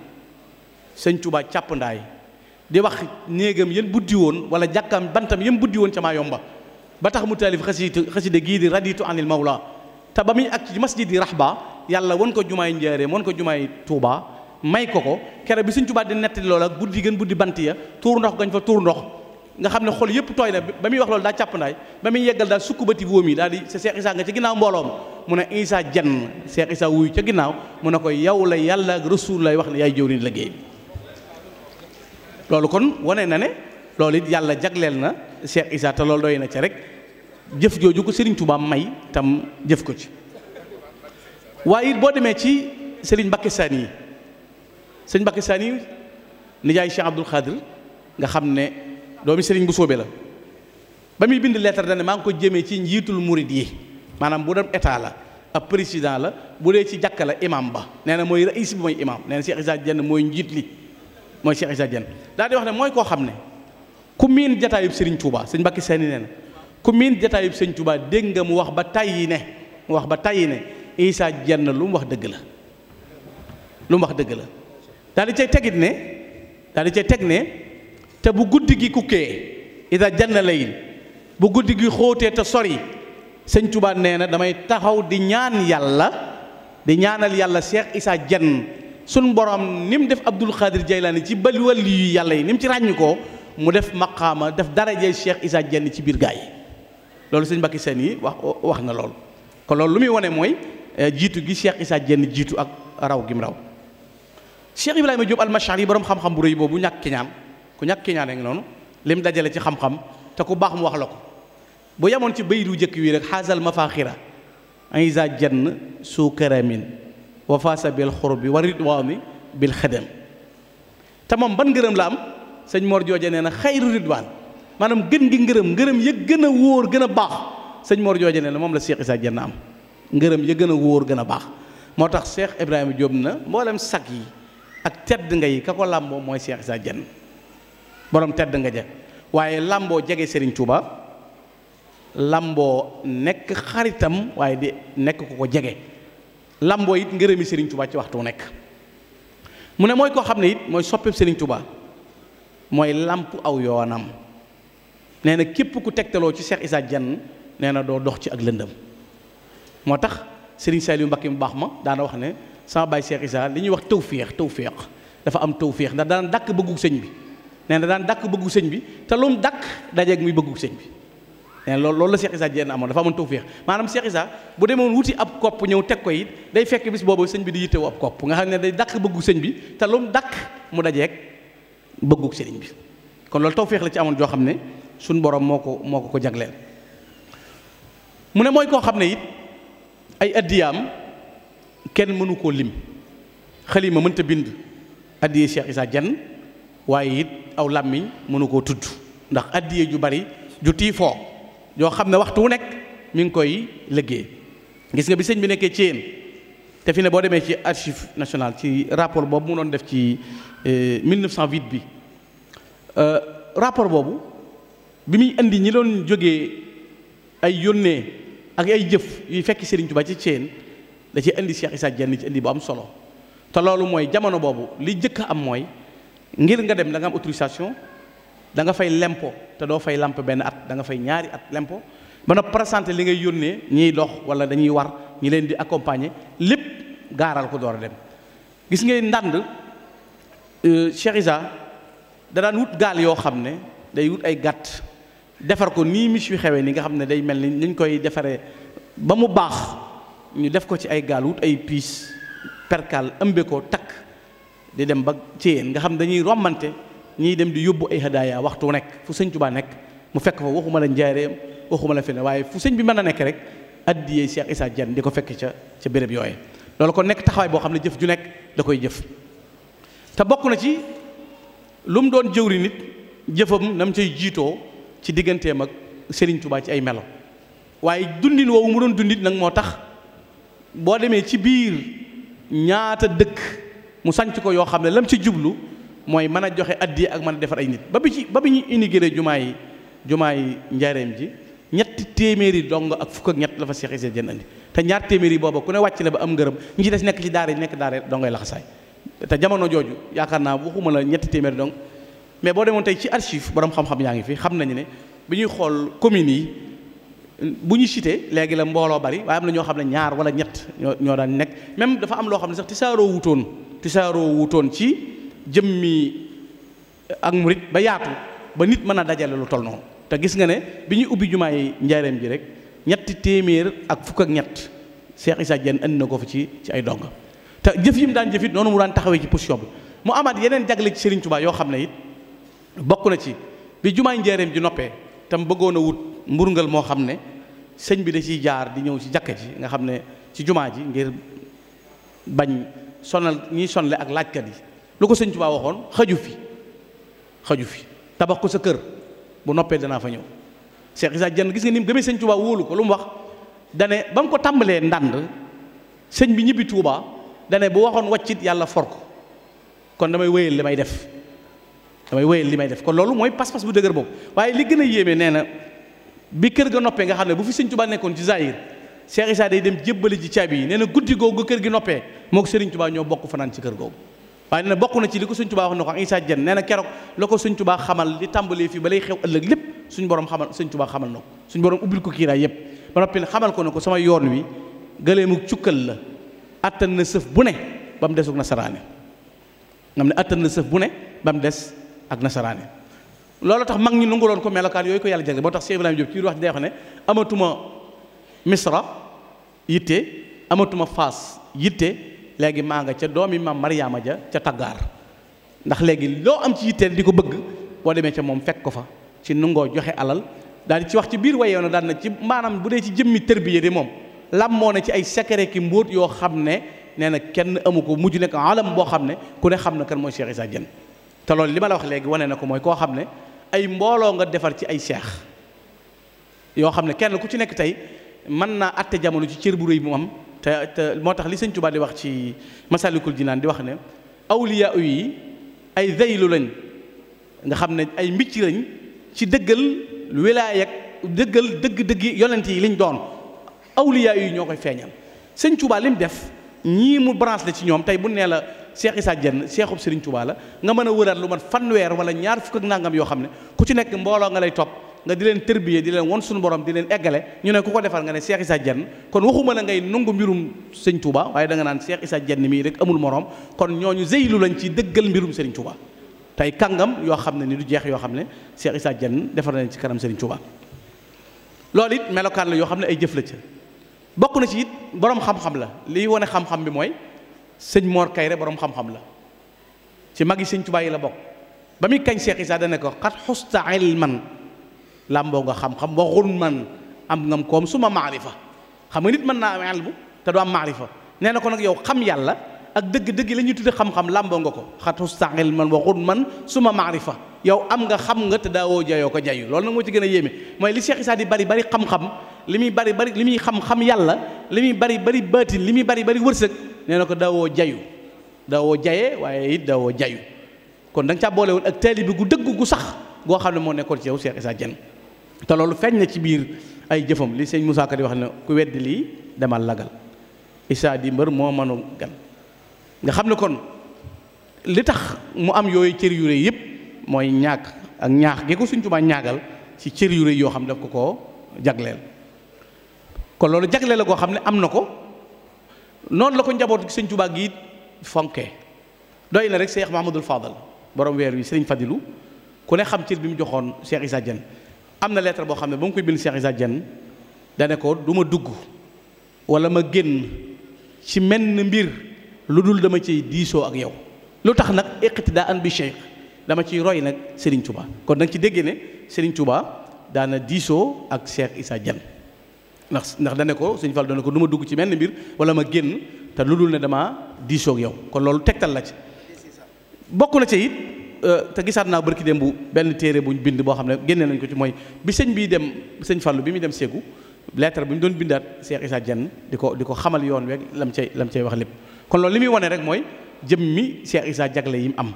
sëñ Tuubaa càpp ndaay di wax néegam yéen buddi woon wala jàkkaam bantam yéen buddi woon ca maa yomba ba tax mu taalif xasida xasida gii di raditu anil mawla te ba muy ak ci masjid yi Rahba yàlla wan ko jumaay Njaaréem won ko jumaay Tuubaa may ko ko kero bi sëñ Tuubaa di nettali ak guddi gën buddi bant ya tuur ndox gañ fa tuur ndox nga xam ne xol yëpp tooy na ba muy wax loolu daa càpp ndaay ba muy yeggal daal sukk bati mi daal di sa Cheikh Issa nga ci ginnaaw mbooloom mu ne Issa jenn Cheikh Issa wuyu ca ginnaaw mun ne ko yow la yàlla rasul lay wax ne yaay jëw ni liggéey loolu kon wane na ne loolu it yàlla jagleel na Cheikh Issa te loolu doy na ca rek jëf jooju ko Serigne Touba may tam jëf ko ci waaye it boo demee ci Serigne Mbacké Sani yi Serigne Mbacké Sani nijaay Cheikh Abdoul doomi sëriñ bu sóobee la ba muy bind lettre dane maa ngi ko jëmee ci njiitul murit yi maanaam bu dem état la ab président la bu dee ci jàkka la imam ba nee na mooy raïs bi mooy imam nee na Cheikh Issa Diène mooy njiit li mooy Cheikh Issa Diène daal di wax ne mooy koo xam ne ku miin jataayub sëriñ Touba sëñ Mbàkke Seen nee na ku miin jataayub sëriñ Touba dégg nga mu wax ba tayyi ne mu wax ba tayyi ne Issa Diène lu mu wax dëgg la lu mu wax dëgg la daal di cay tegit ne te bu guddi gi kukkee ida janna layil bu guddi gi xóotee te sori sëñ Tuubaa nee na damay taxaw di ñaan yàlla di ñaanal yàlla Cheikh Issa Dieng suñ borom ni mu def Abdul Xaadir Jaylaani ci bali wàllu yu yàlla yi ni ci ràññ ko mu def maqaama def dara darajay Cheikh Issa Dieng ci biir gaa loolu sëñ Mbàkke Seen yi wax wax na lool kon loolu lu muy wane mooy eh, jiitu gi Cheikh Issa Dieng jiitu ak raw gi mu raw Cheikh Ibrahima Diop al-Mashari yi borom xam-xam bu rëy boobu ñàkk ñaan ku ñàkk ki ñaane ngi noonu lim dajale ci xam-xam te ku baax mu wax la ko bu yemoon ci bayit wu jëkk wii rek xaasal mafaaxira isa jenn suu sa wa faasa bi xurbi wa ridwaani bil xadam te moom ban ngërëm la am sëñ Mor jooje nee na xayru ridwaan maanaam gën gi ngërëm ngërëm ya gën a wóor gën a baax sëñ Mor jooje nee na moom la Cheikh Issa jenn am ngërëm ya gën a wóor gën a baax moo tax Cheikh Ibrahima jóob na mboolem sag yi ak tedd nga yi ka ko làmboo mooy Cheikh Issa Dieng borom tedd nga ja waaye làmboo jege Serigne Touba làmboo nekk xaritam waaye di nekk ku ko jege làmboo it ngërëmi Serigne Touba ci waxtu nekk mu ne mooy koo xam ne it mooy soppeeb Serigne Touba mooy làmp aw yoonam nee na képp ku tegtaloo ci Cheikh Issa Diène nee na doo dox ci ak lëndëm moo tax Serigne Saliou Mbacké mu baax ma daana wax ne sama baay Cheikh Issa li ñuy wax tawféex tawféex dafa am tawféex ndax daan dàkk bëggu sëñ bi. nee na daan dàkk bëggu sëñ bi te lu mu dàkk dajeeg muy bëggu sëñ bi nee na loolu loolu la Cheikh Issa Diène amoon dafa amoon feex maanaam Cheikh Issa bu demoon wuti ab kopp ñëw teg ko it day fekk bis boobu sëñ bi di yittewoo ab kopp nga xam ne day dàkk bëggu sëñ bi te lu mu dàkk mu dajeeg bëggu sëriñ bi kon loolu tawfeex la ci amoon joo xam ne suñ borom moo ko moo ko ko jagleel mu ne mooy koo xam ne it ay addiyaam kenn mënu koo lim xalima mënta bind addiyee Cheikh Issa waaye it aw làmmiñ mënu koo tudd ndax addiye ju bari ju tiifoo yoo xam ne waxtu wu nekk mu ngi koy liggéey gis nga bi sëñ bi nekkee ci yéen te fi ne boo demee ci archive nationale ci rapport boobu mu doon def ci 1908 euh, bi euh, rapport boobu bi muy indi ñi loon jóge ay yónnee ak ay jëf yuy fekk Serigne Touba ci Thiène da ci indi Cheikh Issa Diagne ci indi bu am solo te loolu mooy jamono boobu li jëkk am mooy ngir nga dem da am autorisation da nga fay lempo te doo fay lamp benn at da nga fay ñaari at lempo ba na présenté li ngay yónnee ñiy dox wala dañuy war ñi leen di accompagner lépp gaaral ko door a dem gis ngeen ndànd euh, Cheikh Isa da daan wut gaal yoo xam ne day wut ay gàtt defar ko nii mis yu xewee ni nga xam ne day mel ni niñ koy defaree ba mu baax ñu def ko ci ay gaal wut ay piis perkal ëmbe ko takk di dem ba Thièyeen nga xam dañuy rombante ñiy dem di yóbbu ay hadaaya waxtu nekk fu sëñ Tuubaa nekk mu fekk fa waxuma la njaareem waxuma la feneen waaye fu sëñ bi mën a nekk rek addiyee Cheikh Issa Diène di ko fekk ca ca béréb yooye loolu ko nekk taxawaay boo xam ne jëf ju nekk da koy jëf te bokk na ci lu mu doon jëwri nit jëfam na mu cay jiitoo ci digganteem ak Serigne Touba ci ay melo waaye dundin woowu mu doon dundit nag moo tax boo demee ci biir ñaata dëkk mu sanc ko yoo xam ne lam ci jublu mooy mën a joxe addi ak mën a defar ay nit ba bi ci ba bi ñu intégré jumaa yi jumaa yi njaareem ji ñetti téeméeri dong ak fukk ak ñett la fa Cheikh Issa Diène andi te ñaar téeméeri booba ku ne wàcc la ba am ngërëm ñi ci des nekk ci daara nekk daara dongoy laxasaay te jamono jooju yaakaar naa waxuma la ñetti téeméeri dong mais boo demoon tey ci archive borom xam-xam yaa ngi fi xam nañu ne bi ñuy xool communes yi bu ñu cité léegi la mbooloo bari waaye am na ñoo xam ne ñaar wala ñett ñoo daan nekk même dafa am loo xam ne sax tisaaroo wutoon tisaaroo wutoon ci jëmmi eh, ak murit ba yaatu ba nit mën a dajale lu tol noonu te gis nga ne bi ñu ubbi jumaay njaareem ji rek ñetti téeméer ak fukk ñett Cheikh Issa Diène andi na ko fa ci ci ay donga te jëf yi mu daan jëf it mu daan taxawee ci position bi mu amaat yeneen jagle ci yoo xam ne it bokk na ci bi jumaay njaareem ji noppee tam bëggoon a wut mburngal moo xam ne sëñ bi da ciy jaar di ñëw ci jàkka ji nga xam ne ci jumaa ji ngir bañ sonal ñiy sonle ak laajkat yi lu ko sëñ Tuubaa waxoon xaju fi xaju fi tabax ko sa kër bu noppee danaa fa ñëw Cheikh Issa Dieng gis nga ni mu gëmee sëñ Tuubaa wóolu ko lu mu wax dane ba mu ko tàmbalee ndànd sëñ bi ñibbi Tuubaa dane bu waxoon waccit yàlla for ko kon damay wéyal li may def damay wéyal li may def kon loolu mooy pas-pas bu dëgër boobu waaye li gën a yéeme nee na bi kër ga noppee nga xam ne bu fi sëñ Tuubaa nekkoon ci Zahir Cheikh Issa day dem jébbali ji caabi yi nee na guddi googu kër gi noppee moo ko sëriñ Tuubaa ñoo bokk fanaan ci kër googu waaye nee na bokk na ci li ko sëñ Tuubaa wax na ko ak Issa nee na keroog la ko sëñ Tuubaa li tàmbalee fii ba lay xew ëllëg lépp suñu borom xamal sëñ Tuubaa xamal na ko suñu borom ubbil ko kiiraay yépp ba noppi ne xamal ko ne ko sama yoon wi gëleemu cukkal la àttan na sëf bu ne ba mu desuk nasaraane ngam ne àttan na sëf bu ne ba mu des ak nasaraane loolu tax mag ñi nanguloon ko melokaan yooyu ko yàlla jàng boo tax Cheikh Ibrahima Diop ci wax wax ne amatuma misra yitte amatuma faas yitte léegi maa nga ca doomi maam Mariama ja ca taggaar ndax léegi loo am ci yitte di ko bëgg boo demee ca moom fekk ko fa ci nungoo joxe alal daal di ci wax ci biir wayew na daal na ci maanaam bu dee ci jëmmi tërbiye de moom làmmoo na ci ay secret ki mbóot yoo xam ne nee na kenn amu ko mujj nekk alam boo xam ne ku ne xam na kan mooy Cheikh Issa Diène te loolu li ma la wax léegi wane na ko mooy koo xam ne ay mbooloo nga defar ci ay seex yoo xam ne kenn ku ci nekk tey mën naa atte jamono ci cër bu réy mu am te te moo tax li sëñ Tuubaa di wax ci Masaalikul naan di wax ne awliyaa ay zeylu lañ nga xam ne ay mbicc lañ ci dëggal wilaaya ak dëggal dëgg-dëgg yonent yi liñ doon awliyaa yi ñoo koy feeñal sëñ Tuubaa li def ñii mu branche la ci ñoom tey bu nee la Cheikh Issa Diène Cheikhub Serigne Touba la nga mën a wëraat lu mat fanweer wala ñaar fukk ak nangam yoo xam ne ku ci nekk mbooloo nga lay topp nga di leen tërbiyee di leen won suñu borom di leen eggale ñu ne ku ko defal nga ne Cheikh Issa Diène kon waxuma la ngay nungu mbirum Serigne Touba waaye danga naan Cheikh Issa jenn mii rek amul morom kon ñoo ñu zeylu lañ ci dëggal mbirum Serigne Touba tey kàngam yoo xam ne ni du jeex yoo xam ne Cheikh Issa Diène defar na ci kanam Serigne Touba loolu it melokaan la yoo xam ne ay jëf la ca bokk na ci it borom xam la liy wane xam-xam bi mooy sëñ Mor Kayre borom xam-xam la ci mag yi sëñ Tuubaa yi la bokk ba muy kañ Seex dana ko xat xusta ilman làmboo nga xam-xam waxun man am su ma maarifa xam nga nit mën naa am elmu te du am maarifa nee na ko nag yow xam yàlla ak dëgg-dëgg la ñuy tudde xam-xam nga ko xat xusta ilman waxun man su ma maarifa yow am nga xam nga te daawoo jayoo ko jayu loolu nag moo ci gën a yéeme mooy li Seex di bari bari xam-xam li muy bari bari li muy xam-xam yàlla li muy bari bari baatin li muy bari bari wërsëg nee na ko daawoo jayu dawoo jayee waaye it dawoo jayu kon da ca caa boole woon ak taalibe bi gu dëgg gu sax goo xam ne moo nekkoon ci yow Cheikh Issa Diène te loolu feeñ na ci biir ay jëfam li sëñ Moussa Ka di wax ne ku lii demal lagal Issa di mbër moo mënu gan xam ne kon li tax mu am yooyu cër yu rëy mooy ñaag ak ñaax gi ko suñ Tuubaa ci cër yu yoo xam daf ko koo jagleel kon loolu jagleel la goo xam ne am na ko noonu la ko njaboot sëñ Tuubaa gi it fonke doy na rek Cheikh Mahamadul Fadal borom weer wi sëriñ Fadilu ku ne xam cër bi mu joxoon Cheikh Issa Diène am na lettre boo xam ne ba mu koy bind Cheikh Issa Diène dane ko duma dugg walla ma génn ci na mbir lu dul dama ciy diisoo ak yow lu tax nag iqtidaan bi Cheikh dama ciy roy nag Serigne Touba kon da ci déggee ne Serigne Touba daana diisoo ak Cheikh Issa Diène ndax ndax dane ko sëñ Fall dane ko duma dugg ci benn mbir wala ma génn te lu dul ne damaa diisoo yow kon loolu tegtal la ci bokk na ci it euh, te gisaat naa barki dem bu benn téere buñ bind boo xam ne génne nañ ko ci mooy bi sëñ bii dem sëñ Fallu bi muy dem Ségou lettre bi mu doon bindaat Cheikh Issa Dieng di ko di ko xamal yoon weeg lam cay lam cay wax lépp kon loolu li muy wane rek mooy jëm mi Cheikh Issa jagle yi am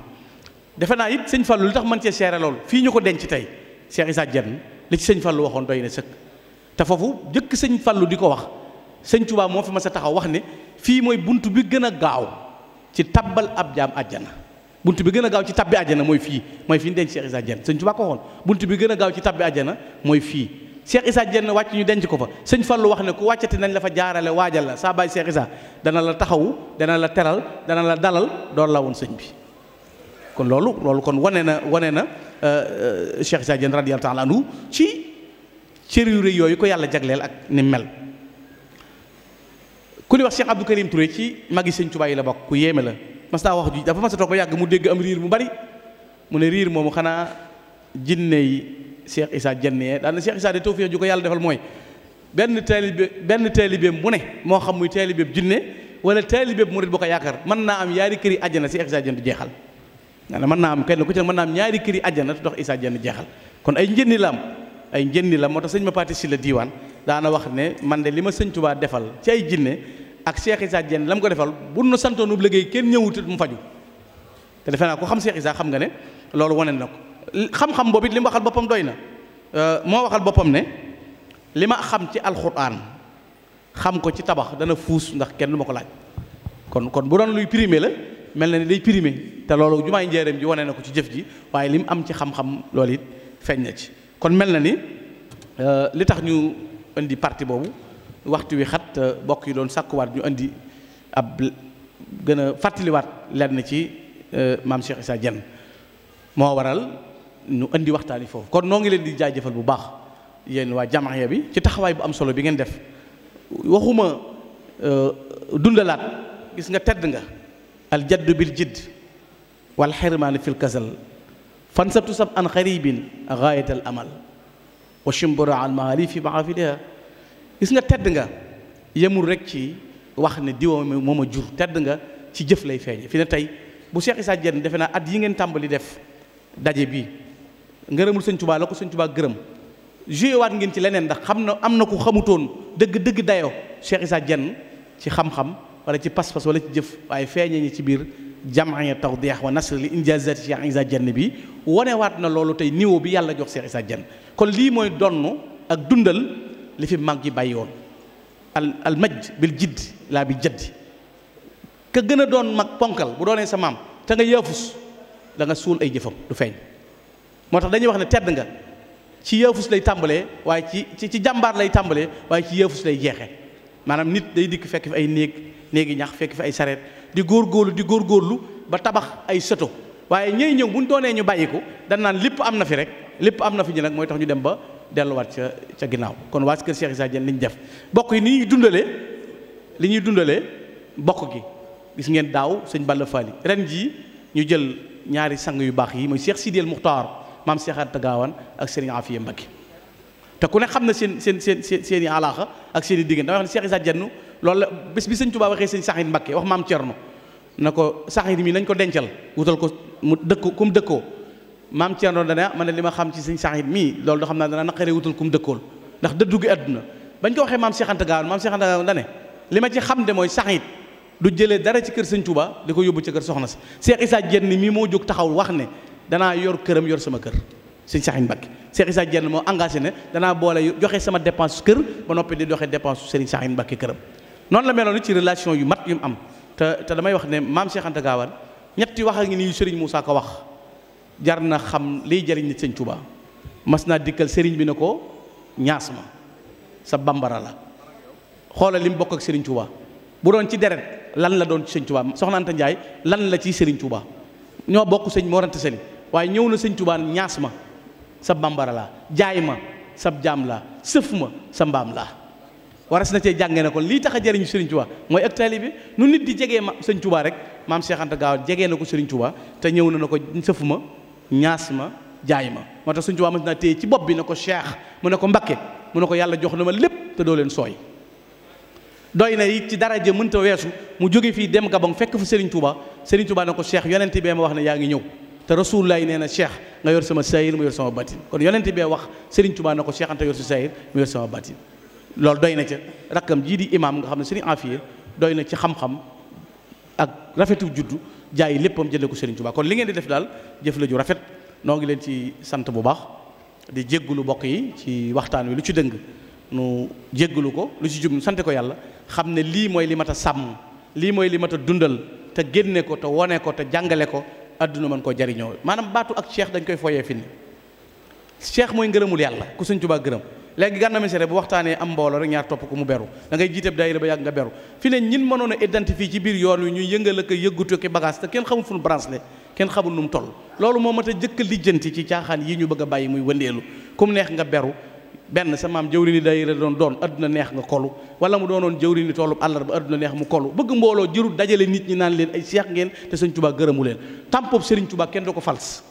defe naa it sëñ fal lu tax mën cee seere lool fii ñu ko denc tey Cheikh Issa Dieng sëñ Fallu waxoon doy na sëkk te foofu jëkk sëñ Fallu di ko wax sëñ Tuubaa moo fi mas a taxaw wax ne fii mooy bunt bi gën a gaaw ci tabbal ab jaam àjjana bunt bi gën a gaaw ci tabbi àjjana mooy fii mooy fii ñu denc Cheikh Issa Diène sëñ Tuubaa ko waxoon bunt bi gën a gaaw ci tabbi àjjana mooy fii Cheikh Issa Diène wàcc ñu denc ko fa sëñ Fallu wax ne ku wàccati nañ la fa jaarale waajal la saa baay Cheikh Issa dana la taxawu dana la teral dana la dalal door la woon sëñ bi kon loolu loolu kon wane na wane na euh, euh, Cheikh Issa Diène radiyallahu taala anhu ci cër yu rëy yooyu ko yàlla jagleel ak ni mel ku ni wax Cheikh Abdou Karim Touré ci magi sëñ Tuubaa yi la bokk ku yéeme la mas naa wax ju dafa mas a toog ba yàgg mu dégg am riir mu bari mu ne riir moomu xanaa jinne yi Cheikh Issa jennee daal na Cheikh Issa de tawfiix ko yàlla defal mooy benn taalibe benn taalibeem bu ne moo xam muy taalibeeb jinne wala taalibeeb murit bu ko yaakaar mën naa am yaari këri àjjana Cheikh Issa jenn du jeexal nga ne mën naa am kenn ku ci mën naa am ñaari këri àjjana dox Issa jenn jeexal kon ay njënni la ay njëndi la moo tax sëñ ma paati si la diiwaan daana wax ne man de li ma sëñ Tuubaa defal ci ay jinne ak Cheikh Issa Dieng la mu ko defal bu nu santoon ub liggéey kenn ñëwut mu faju te defe naa ko xam Cheikh Issa xam nga ne loolu wane na ko xam-xam boobu it li waxal boppam doy na euh, moo waxal boppam ne li ma xam ci alxuraan xam ko ci tabax dana fuus ndax kenn du ko laaj kon kon bu doon luy prime la mel na ne day primé te loolu jumaay njëriñ ji wane na ko ci jëf ji waaye li mu am ci xam-xam loolu it feeñ na ci kon mel na ni euh, li tax ñu indi parti boobu waxtu wi xat euh, bokk yi doon sàkkuwaat ñu indi ab gën a fàttaliwaat na ci euh, maam Cheikh Issa Diène moo waral ñu indi waxtaan yi foofu kon noo ngi leen di jëfal bu baax yéen waa jamaaya bi ci taxawaay bu am solo bi ngeen def waxuma dundalaat gis nga tedd nga al jaddu bil jidd wal xirmaani fil kasal fansabtu sab an xaribin gaayat al amal wa shimbura al maali fi maafiliha gis nga tedd nga yemul rek ci wax ne diwa moom a jur tedd nga ci jëf lay feeñe fi ne tey bu Cheikh Issa Diène defe naa at yi ngeen tàmbali def daje bi ngërëmul sëñ Tuubaa la ko sëñ Tuubaa gërëm joué waat ngeen ci leneen ndax xam na am na ko xamutoon dëgg dëgg dayoo Cheikh Issa Diène ci xam-xam wala ci pas-pas wala ci jëf waaye feeñee ñi ci biir taw tawdeex wa nasr li injazati cheikh isa jenn bi wonewaat na loolu tey niveau bi yàlla jox cheikh isa jenn kon lii mooy donn ak dundal li fi mag yi bàyyi woon al al majd bil jidd laa bi jaddi ka gën a doon mag ponkal bu doonee sa maam te nga yaafus danga nga suul ay jëfam du feeñ moo tax dañuy wax ne tedd nga ci yaafus lay tàmbalee waaye ci ci jàmbaar lay tàmbalee waaye ci yaafus lay jeexe maanaam nit day dikk fekk fi ay néeg néegi ñax fekk fi ay sareet di góor góorgóorlu di góor góorlu ba tabax ay sëto waaye ñëy ñëw bu ñu doonee ñu bàyyi ko dañ naan lépp am na fi rek lépp am na fi ñu nag mooy tax ñu dem ba delluwaat ca ca ginnaaw kon waa kër Cheikh Issa Diène li ñu def bokk yi ni ñuy dundalee li ñuy dundalee bokk gi gis ngeen daaw sëñ Balla Fally ren jii ñu jël ñaari sang yu baax yi mooy Cheikh Sidiel Muxtaar maam Cheikh Anta Gaawaan ak Serigne Afia Mbacké te ku ne xam na seen seen seen seen seen ak seen i diggante damay wax ne loolu la bés bi sëñ Tuubaa waxee sëñ Saxiit Mbakke wax maam Cerno na ko Saxiit mi nañ ko dencal wutal ko mu dëkk kum dëkkoo maam Cerno dana man ne li ma xam ci sëñ Saxiit mii loolu doo xam naa dana naqaree wutal kum dëkkool ndax dëddu gi àdduna bañ ko waxee maam Cheikh Anta Gaawaan maam Cheikh Anta Gaawaan dane li ma ci xam de mooy Saxiit du jëlee dara ci kër sañ Tuubaa di ko yóbbu ci kër soxna si Cheikh Issa Diène mii moo jóg taxaw wax ne danaa yor këram yor sama kër sëñ Saxiit Mbakke Cheikh Issa Diène moo engagé ne danaa boole joxe sama dépense kër ba noppi di joxe dépense Serigne Saxiit Mbakke këram noonu la meloon ci relation yu mat yu mu am te damay wax ne maam Cheikh Anta Gaawaan ñetti wax a ngi nii Serigne Moussa ko wax jar na xam liy jariñ nit sëñ Touba mas naa dikkal Serigne bi ne ko ñaas ma sa bambara la xoolal li mu bu doon ci deret lan la doon ci sëñ Touba soxna lan la ci Serigne Touba ñoo bokk sëñ moo ranta waaye ñëw na sëñ Touba ñaas sa bambara la jaay ma sa jaam la sëf ma sa mbaam la waras na cee jàngee na ko lii tax a jariñ jëriñu Serigne Touba mooy ak taalibe nu nit di jege ma sëñ tubaa rek maam Cheikh Anta Gaaw jegee na ko Serigne Touba te ñëw na na ko sëfu ma ñaas ma jaay ma moo tax Serigne Touba mos ci bopp bi na ko Cheikh mu ne ko Mbakke mu ne ko yàlla jox na ma lépp te doo leen sooy. doy na it ci daraja mënta weesu mu jóge fii dem Gabon fekk fu Serigne Touba Serigne Touba na ko Cheikh yonent bee ma wax ne yaa ngi ñëw te Rasulullah nee na Cheikh nga yor sama sayir mu yor sama batin kon wax Serigne Touba na ko Cheikh Anta yor si sayir mu loolu doy na ca rakkam jii di imaam nga xam ne sëriñ Afiye doy na ci xam-xam ak rafetu juddu jaay léppam jëlee ko sëriñ Tuubaa kon li ngeen di def daal jëf la ju rafet noo ngi leen ci sant bu baax di jéggulu bokk yi ci waxtaan wi lu ci dëng nu jéggulu ko lu ci jub nu sante ko yàlla xam ne lii mooy li mat a sàmm lii mooy li mat a dundal te génne ko te wone ko te jàngale ko adduna mën koo jariñoo maanaam baatu ak cheikh dañ koy fooyee fi ni cheikh mooy ngërëmul yàlla ku sëñ Tuubaa gërëm léegi Gana Messere bu waxtaanee am mbooloo rek ñaar topp ko mu beru da ngay jiiteeb daayira ba yàgg nga beru fi ñin mënoon a ci biir yoon wi ñuy yëngal ak yëggutu ki bagage te kenn xamul fu mu branché kenn xamul nu mu toll loolu moo mat a jëkk lijjanti ci caaxaan yi ñu bëgg a bàyyi muy wëndeelu ku mu neex nga beru benn sa maam jëwri ni daayira doon doon adduna neex nga kolu wala mu doonoon jëwri ni toolub àllarba adduna neex mu kolu bëgg mbooloo jëru dajale nit ñi naan leen ay seex ngeen te sëñ Tuubaa gërëmu leen tampoob sëriñ kenn du ko fals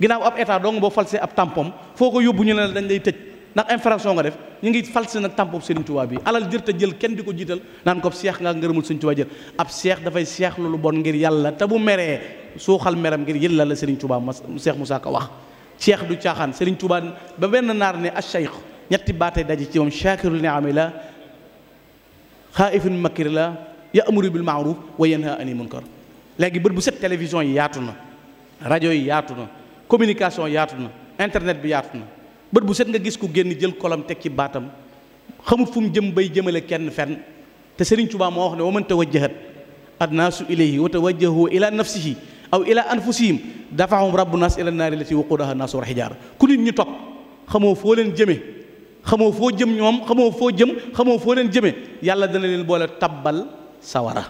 ginnaaw ab état dong boo falsé ab tampom foo ko yóbbu ñu ne la dañ lay tëj ndax infraction nga def ñu ngi falsi nag tàmpob Sëriñ Tuubaa bi alal jër te jël kenn di ko jiital naan ko ab seex nga ngërëmul Sëriñ Tuubaa jël ab seex dafay seex lu bon ngir yàlla te bu meree suuxal meram ngir yëlla la Sëriñ Tuubaa ma Seex Musaa Ka wax seex du caaxaan Sëriñ Tuubaa ba benn naar ne acheikh ñetti baatay daje ci moom shaakirul niami la xaaifun makir la ya'muru bil ma'ruf wa yanha anil munkar léegi bët bu set télévision yi yaatu na rajo yi yaatu na communication yaatu na internet bi yaatu na bët bu set nga gis ku génn jël kolam teg ci baatam xamut fu mu jëm bay jëmale kenn fenn te Serigne Touba moo wax ne wa man tawajjahat annaasu ilayhi wa tawajjahu ila nafsihi aw ila anfusihim dafahum rabbu naas ila naari lati waqudaha naasu war xijaara ku nit ñu toog xamoo foo leen jëme xamoo foo jëm ñoom xamoo foo jëm xamoo foo leen jëme yàlla dana leen boole tabbal sawara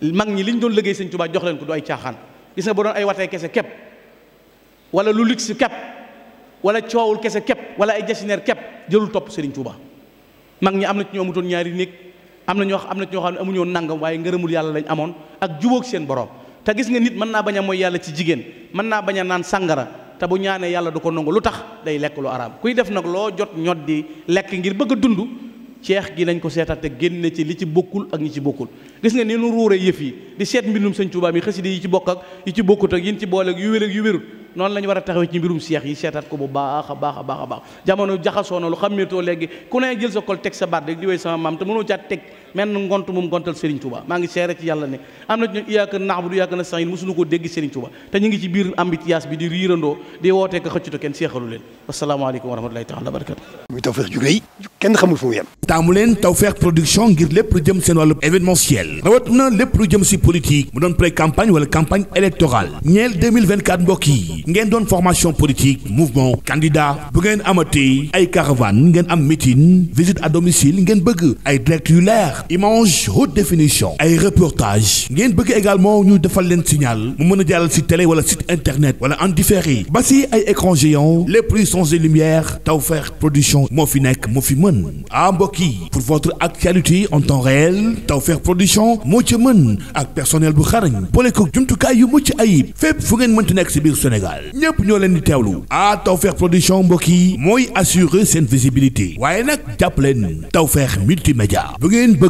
mag ñi li ñu doon liggéey Serigne Touba jox leen ko du ay caaxaan gis nga ba doon ay watee kese képp wala lu ligg si képp wala coowul kese képp wala ay jasineer képp jëlul topp Serigne Touba mag ñi am na ci ñoo amutoon ñaari néeg am na ñoo am na ci xam ne amuñoon nangam waaye ngërëmul yàlla lañ amoon ak jubóog seen borom te gis nga nit mën naa bañ a mooy yàlla ci jigéen mën naa bañ a naan sàngara te bu ñaanee yàlla du ko nangu lu tax day lekk lu araam kuy def nag loo jot ñot di lekk ngir bëgg dund ceex gi nañ ko seetaat te génne ci li ci bokkul ak ñi ci bokkul gis nga ni nu ruure yëf yi di seet mbindum sëñ Touba mi xasida yi ci bokk yi ci bokkut ak yin ci boole yu wér ak yu noonu la ñu war a taxawee ci mbirum seex yi seetaat ko bu baax a baax a baax a baax jamono jaxasoo na lu xammeetoo léegi ku ne jël sa kol teg sa baat rek di wéy sama maam te mënoo caa teg menn ngont moom ngontal Serigne Touba maa ngi seere ci yàlla ne am na ci ñoom iyaaka na'budu iyaaka nasta'iin mosuñu koo dégg Serigne Touba te ñu ngi ci biir ambitias bi di riirandoo di wootee ko xëccuto kenn seexalu leen wasalaamaaleykum wa rahmatulahi taala wa barakatu muy Tawfekh jugéy kenn xamul fu mu taamu leen Tawfekh production ngir lépp lu jëm seen wàllu événementiel rawat na lépp lu jëm si politique mu doon pré campagne wala campagne électorale ñeel 2024 mbokk yi doon formation politique mouvement candidat bu ngeen amatee ay caravane ngeen am meeting visite à ngeen bëgg ay direct yu image haute définition ay reportage ngeen bëgg également ñu defal leen signal mu mën a jàllal si télé wala site internet wala en différé ba si ay écran géant les puissances de lumière Tawfekh production moo fi nekk moo fi mën ah mbokk yi pour votre actualité en temps réel Tawfekh production moo ci mën ak personnel bu xarañ boole ko jumtukaay yu mucc ayib fépp fu ngeen mënti nekk si biir Sénégal ñépp ñoo leen di teewlu ah Tawfekh production mbokk yi mooy assurer seen visibilité waaye nag jàpp leen Tawfekh multimédia bu ngeen bëgg